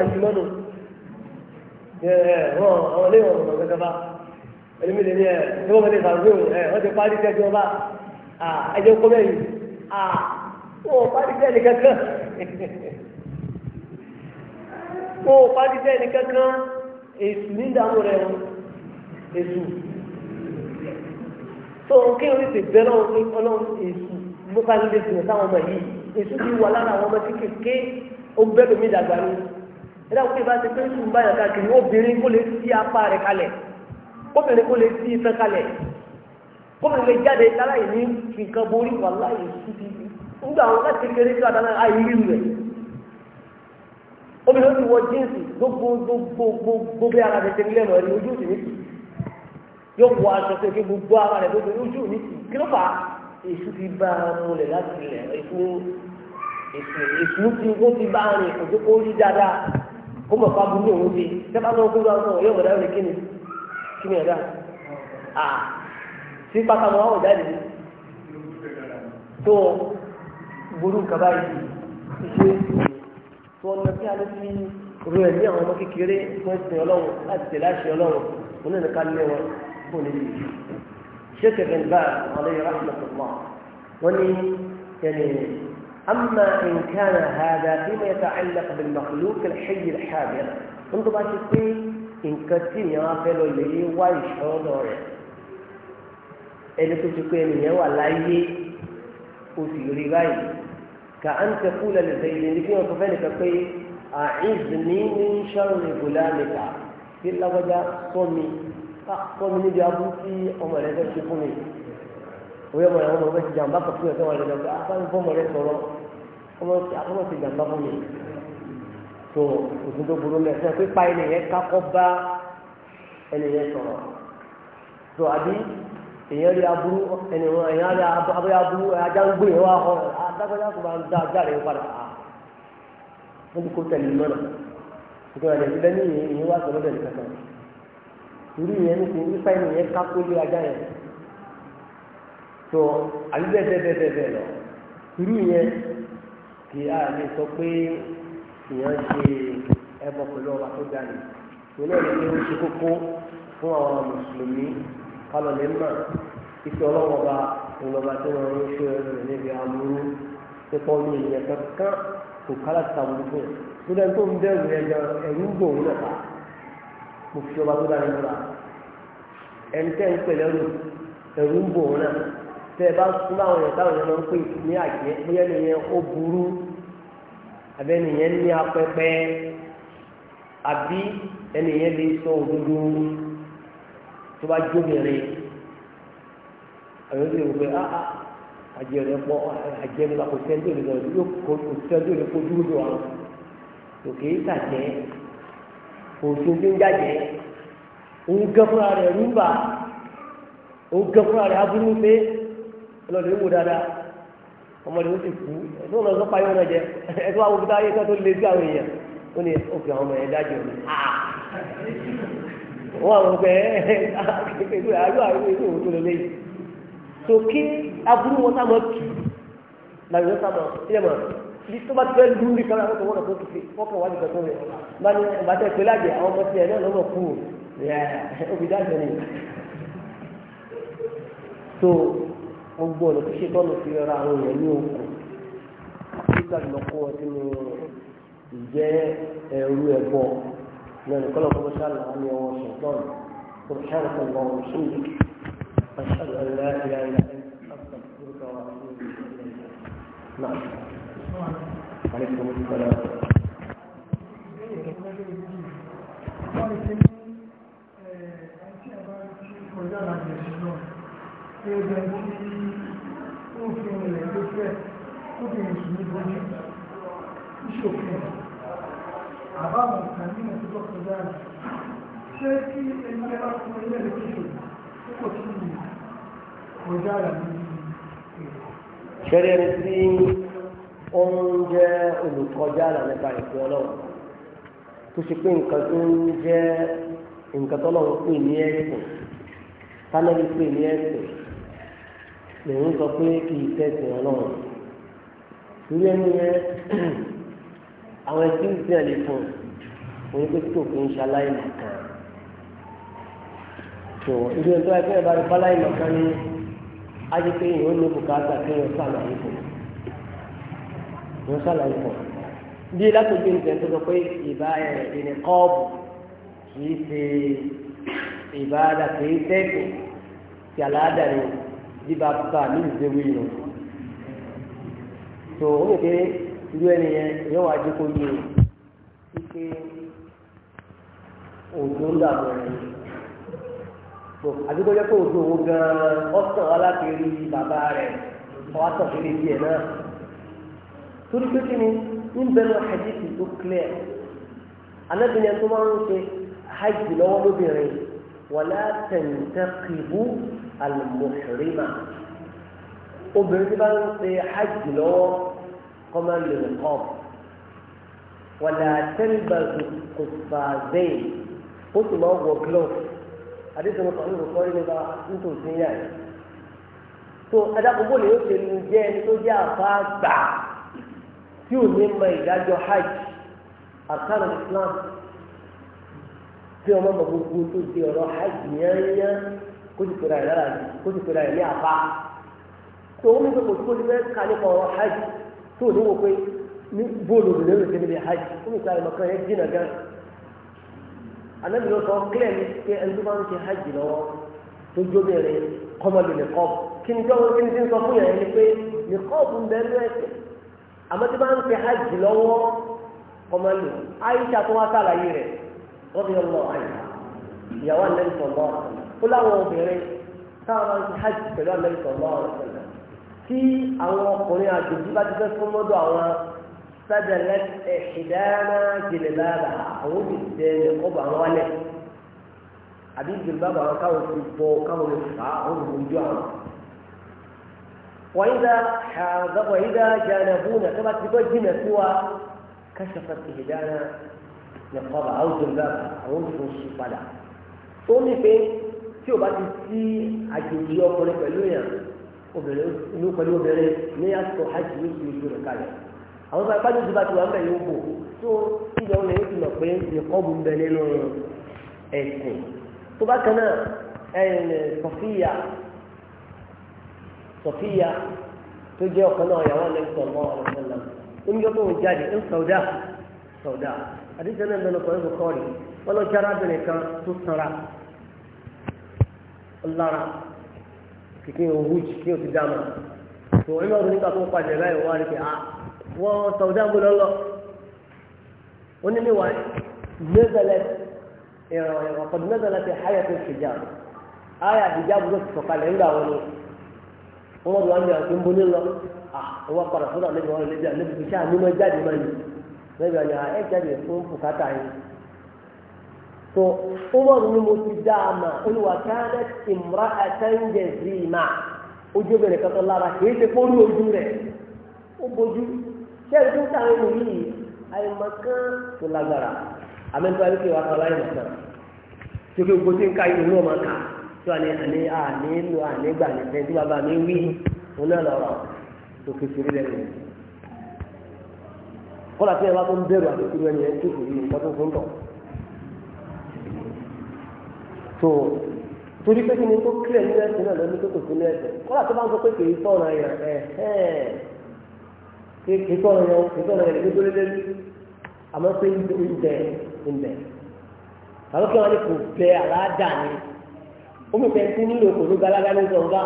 bá yí ẹlẹ́mi lè ní ẹ̀ tí wọ́n fẹ́ lè sàrò fún ẹ̀ wọ́n ti parí tẹ́ tí wọ́n bá ẹjọ́ kọ́ bẹ́ẹ̀ yìí wọ́n parí tẹ́ nìkankan wọ́n parí tẹ́ nìkankan èsù ní ìdààmú rẹ̀ wọn èsù tó ń kí orí ti bẹ̀rẹ̀ ọlọ́run èsù ló bá nílé sùn sáwọn ọmọ yìí èsù ti wà lára àwọn ọmọ tí kéèké ó bẹ́ẹ̀ lómi dàgbà ni ẹ̀dá òkè bá ti pé sùn báyà káàkiri obìnrin kó lè fi apá rẹ̀ kalẹ̀ kóbìnrin kó lè sí iṣẹ́ kalẹ̀ kóbìnrin lè jáde láláì ní nǹkan borí wà láì síbi nígbà àwọn láti kéré tí àdáná àìrí rẹ̀ obìnrin ó ti wọ jíǹsì gbogbo gbogbo gbogbo bí ara rẹ̀ ṣe nílẹ̀ mọ̀ ẹni ojú òsì ní kì yóò wọ aṣọ pé kí gbogbo ara rẹ̀ gbogbo ojú òní kì kí ló fà á èṣù ti bá a múlẹ̀ láti ilẹ̀ èṣù ti ó ti bá a rìn kò tó kó rí dáadáa kó mọ̀ fábùrú òun ti tẹ́fà náà kó lọ́wọ́ yóò wọ̀ dáwọ́ ní kíni kí ni ẹ̀dá à sí pátámọ́ àwọn ìjáde ni tó burú kaba yìí ṣe tó ọ̀nà tí a lè fi ru ẹ̀mí àwọn ọmọ kékeré tó ń sin ọlọ́run láti tẹ̀lé àṣẹ ọlọ́run òun náà ká lé wọn kó lè lè ṣe kẹfẹ́ nígbà àwọn ọlọ́yẹ ráṣọ̀tọ̀ wọn ni يعني أما إن كان هذا فيما يتعلق بالمخلوق الحي الحاضر انظر بقى nǹkan tí èèyàn á fẹ́ lọ lè wá ìṣọ́nà rẹ̀ ẹni tó ti pé ènìyàn wà láyé o sì rí báyìí kà á ń tẹkú lẹ́nu fẹ́ ilé ní kí wọ́n sọ fẹ́ nìkan pé àìsìní ní sọ́run ìbòlá nìkà bí lágbájá sọ́mi sọ́mi níbi abú tí ọmọ rẹ̀ fẹ́ ṣe fún mi òye ọmọ rẹ̀ ọmọ rẹ̀ ti jàǹbá kan fún ẹ̀ sọ́wọ́n rẹ̀ lọ́gbà á fẹ́ fọ́mọ rẹ̀ sọ̀rọ̀ ọmọ ti jàǹbá fún mi tó òfin tó burú mẹ́ta pípa ènìyàn kakọ́ bá ènìyàn sọ̀rọ̀ tó àbí èèyàn rí aburú ènìyàn èèyàn rí abúlé aburú ajá ń gbé ìwà ọkọ adágbádá tó máa ń dá ajá rẹ̀ padà á níbi kó tẹ̀lé mọ́nà ìgbà rẹ̀ síbẹ̀ ní ìyẹn wá sọ̀rọ̀ bẹ̀rẹ̀ kankan torí ìyẹn ní sin pípa ènìyàn kakọ́ lé ajá yẹn tó àbí bẹ́ẹ̀ bẹ́ẹ̀ bẹ́ẹ̀ bẹ́ẹ̀ lọ torí ìyẹn kì í èèyàn ṣe ẹbọ pẹ̀lú ọba tó dání ìwé náà ní ó ṣe kókó fún àwọn mùsùlùmí kálọ̀ lè mọ̀ ìfẹ́ ọlọ́wọ́ ọba ìlọba tí wọ́n ń ṣe ẹrù rẹ̀ níbi amúrú pípọ́ ní ìyẹn kankan kò kálá ti tàbùkù fún ẹ̀ tó dẹ́n tó ń bẹ̀rù ẹ̀ gan ẹ̀rú ń gbòòrò lẹ́ta mo fi ọba tó dání múra ẹni tẹ́ ń pè lẹ́rù ẹ̀rú ń gbòòrò náà tẹ́ ẹ bá sún láwọn ẹ̀ táwọn ẹ̀ máa ń pè ní àjẹ́ bóyá ẹni yẹn ó burú àbẹ nìyẹn ní apẹpẹ àbí ẹnìyẹn lè sọ òdodo tó bá jóbìnrin àwọn ènìyàn wò pé áá ah, ah, àjẹrẹ pọ àjẹrẹ la kò sẹ́ńtì òdodo yóò kò sẹ́ńtì òdodo kò dúró do àwọn òkè ìtàjẹ òtún tí ń jàjẹ òun gẹ fúnra rẹ rúbà òun gẹ fúnra rẹ abúlé pé ọlọ́dún ìwò dáadáa ọmọdé ó ti kú ẹni wọn lọ payọ náà jẹ ẹtí wọn wọbi táyé kẹtọ lé sí àwọn èèyàn ó ní òkè àwọn ọmọ yẹn dájọ ni wọn àwọn ọgbẹ ẹgbẹ ayọ ayọ ìlú òwò tó lọ lẹ́yìn tó kí aburú wọn sá mọ tù làwọn yóò sá mọ sílẹ̀ mọ bí tó bá ti fẹ́ lu rí kára wọn kò tó fi fọkàn wájú kẹtọ rẹ báni ìbátẹ ìpínlẹ̀ àjẹ àwọn ọmọ tiẹ̀ náà lọ́wọ́ kú òbí dájọ gbogbo ọ̀nà tó ṣe tọ́nà fi ra àwọn èèyàn ní okùn nígbà tí wọ́n kó wọn sínú ìjẹ́ ẹ̀rú ẹ̀bọ ní ọ̀nà kọ́lọ̀ fún ṣáàlà ní ọwọ́ ṣùgbọ́n kò ṣáàlà fún ọmọ ọmọ ṣùgbọ́n aṣáàlà ńlá tí ó jẹ́ tí ó fi ilẹ̀ tó fẹ́ tó fi mùsùlùmí bójú iṣẹ́ òfin àbáwọn kan ní ẹ̀tọ́ kọjá rẹ̀ ṣé kí ẹni ẹbá fún ilé rẹ̀ tó ṣe tó kò tí ì kọjá rẹ̀ ní ṣẹ́rẹ́ ẹni tí ó ń jẹ́ olùkọjá rẹ̀ nípa ìpín ọlọ́run tó ṣe pé nǹkan tó ń jẹ́ nǹkan tọ́lọ́run pè ní ẹ̀sìn tánẹ́lì pè ní ẹ̀sìn lèyìn sọ pé kì í tẹ̀sìn ọlọ́run torí ẹni yẹn àwọn ẹtí ń tẹ̀ lè fún un òun pé tó kì í ṣaláì nìkan tó ibi ẹ̀tọ́ ẹgbẹ́ ìbára fáláì nìkan ni ajé pé ìhòòhò ní bùkátà kí wọ́n fún un wọ́n fún un bí ìgbẹ́ tó sọ pé ìbá ẹ̀ kì í ṣe ni. bí bàbá mi ń ṣe wí nù tó o lè dé irú ẹni yẹn yóò wá jókòó yé e wípé òjò ń dàbọ̀ rẹ̀ tó àdúgbòjọ́ pé òjò òun gan-an ọ̀sán alákiri bàbá rẹ̀ ọ̀wá sọ̀ sí ilé tiẹ̀ náà torí pé kí ni ń bẹ̀rù àdìsí tó clear anábìnrin tó máa ń ṣe hajj lọ́wọ́ lóbìnrin wàlá tẹ̀ǹtẹ̀ kìbú alimuhirima obìnrin tí bá ń ṣe hajj lọ́wọ́ kọ́má lè kọ́ wàlá tẹ́lifàzù kò fàzẹ́yìn ó sì máa wọ glove adéṣe wọn kàn ń kọ́ nínú bá nítòsí yàn tó adákòókò lè ó ṣe lu jẹ́ ẹni tó jẹ́ àfa gbà tí ò ní mọ ìdájọ́ hajj àkàrà Islam tí ọmọ gbogbo tó di ọ̀rọ̀ hajj yẹn yẹn kó ti pèrè àyàrá kó ti pèrè àyàrá ní àbá tó ń gbé kò tó ti fẹ́ ká nípa ọ̀rọ̀ hajj tó ní wò pé ní bóòlù rẹ̀ lórí ìsinmi hajj ó ní sáré mọ̀kàn yẹn jìnnà gan anábìyàn sọ kílẹ̀ ní pé ẹni tó bá ń ṣe hajj lọ́wọ́ tó jóbìnrin kọ́mọlù ní kọ́ọ̀bù kí ni jọ́wọ́ kí ni ti ń sọ fún yàrá ni pé ní kọ́ọ̀bù ń bẹ́ẹ̀ lọ́ẹ̀sẹ̀ àmọ́ tó bá ń ṣe hajj lọ́wọ́ kọ́mọlù Aisha tó wá sàlàyé rẹ̀ rọ́bì ọlọ́ àyà ìyàwó àlẹ́ ìsọ̀lọ́ àná ó láwọn obìnrin táwọn máa ń ti hajj pẹ̀lú amẹ́ríkà ọlọ́wọ́ rẹ̀ pẹ̀lú tí àwọn ọkùnrin àjòjì bá ti fẹ́ fún mọ́dọ̀ àwọn sábẹ̀lẹ̀ ẹ̀ṣìdáná jìnnìlára àwọn òbí tẹ àwọn wálẹ̀ àbí jìnnìlára àwọn káwọn ti bọ káwọn lè fà àwọn òbí àwọn. وإذا وإذا جانبونا كما تقول جنة سوى كشفت إهدانا نقابة أو جلبابة أو نصف الشفالة. قومي tí o bá ti sí àjèjì ọkùnrin pẹ̀lú yàn obìnrin inú pẹ̀lú obìnrin ní àsìkò hajj yóò fi ojú rẹ̀ kalẹ̀ àwọn bá bájú ti bá ti wà mẹ́ yóò bò tó ìjọ wọn yóò ti mọ̀ pé nìkan bù ń bẹ nínú ẹ̀sìn tó bá kan náà ẹ̀yìn sọfíya sọfíya tó jẹ́ ọ̀kan náà yàrá lẹ́yìn sọ̀rọ̀ ọ̀rọ̀ sọ̀rọ̀ ń yọ tó jáde ń sọ̀dá sọ̀dá àdéhùn náà lọ́nà kọ́ lára kìkì òwú jì kí o ti dá ma tó ẹni ọdún nípa tó ń padà báyìí wọ́n á rí pé a ah, wọ́n sọ̀rọ̀ dáńgbò lọ́lọ́ ó ní mi wá mẹ́sẹ̀lẹ̀ ìrọ̀ ìrọ̀ pẹ̀lú mẹ́sẹ̀lẹ̀ ti háyà tó ṣe jà áyà ìjà àbúrò ti sọ̀kalẹ̀ ńgbà wọn ni wọ́n lọ́ọ́ ní àti ń bolé lọ àwọn padà fúnra lẹ́gbẹ̀ẹ́ wọn lẹ́gbẹ̀ẹ́ àlejò iṣẹ́ ànímọ́ jáde máa ń yìí lẹ́gbẹ̀ẹ́ àyà ẹ̀ jáde fún bùkátà yìí. so Umar ni mo ti dá a ma olùwà káàdé ìmúra àtẹnjẹ zìí ma ojú bẹ̀rẹ̀ kẹtọ́ lára kìí ṣe fórí ojú rẹ̀ ó bójú ṣẹ́ẹ̀rì tó sáré wò yìí àyèmọ̀kán tó lágbára àmẹ́tọ́ ayé kéwàá kọ́ láyé mọ̀kán tó kí gbogbo tí ń ka ìlú tó lu gbà ní bàbá mi wí náà so torí pé kí ni tó kílẹ̀ nínú ẹ̀sìn náà lónìí tó kò sí ní ẹ̀sìn kọ́lá tó bá ń sọ pé kì í tọ̀nà yẹn kì í tọ̀nà yẹn kì í tọ̀nà yẹn gbogbo lélẹ́rí àmọ́ pé ń bẹ̀ ń bẹ̀ àwọn kí wọ́n ní kò bẹ àlàáda ni omi bẹ ti nílò kò ló galaga ní sọ̀nga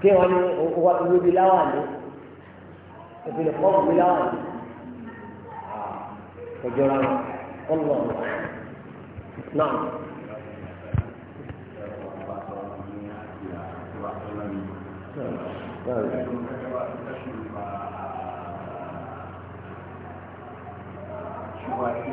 kí wọ́n ní wà ló bi láwà ni ìpìlẹ̀ pọ́ọ̀mù bi láwà ni ọjọ́ ra wọn. والله نعم Thank نعم. you.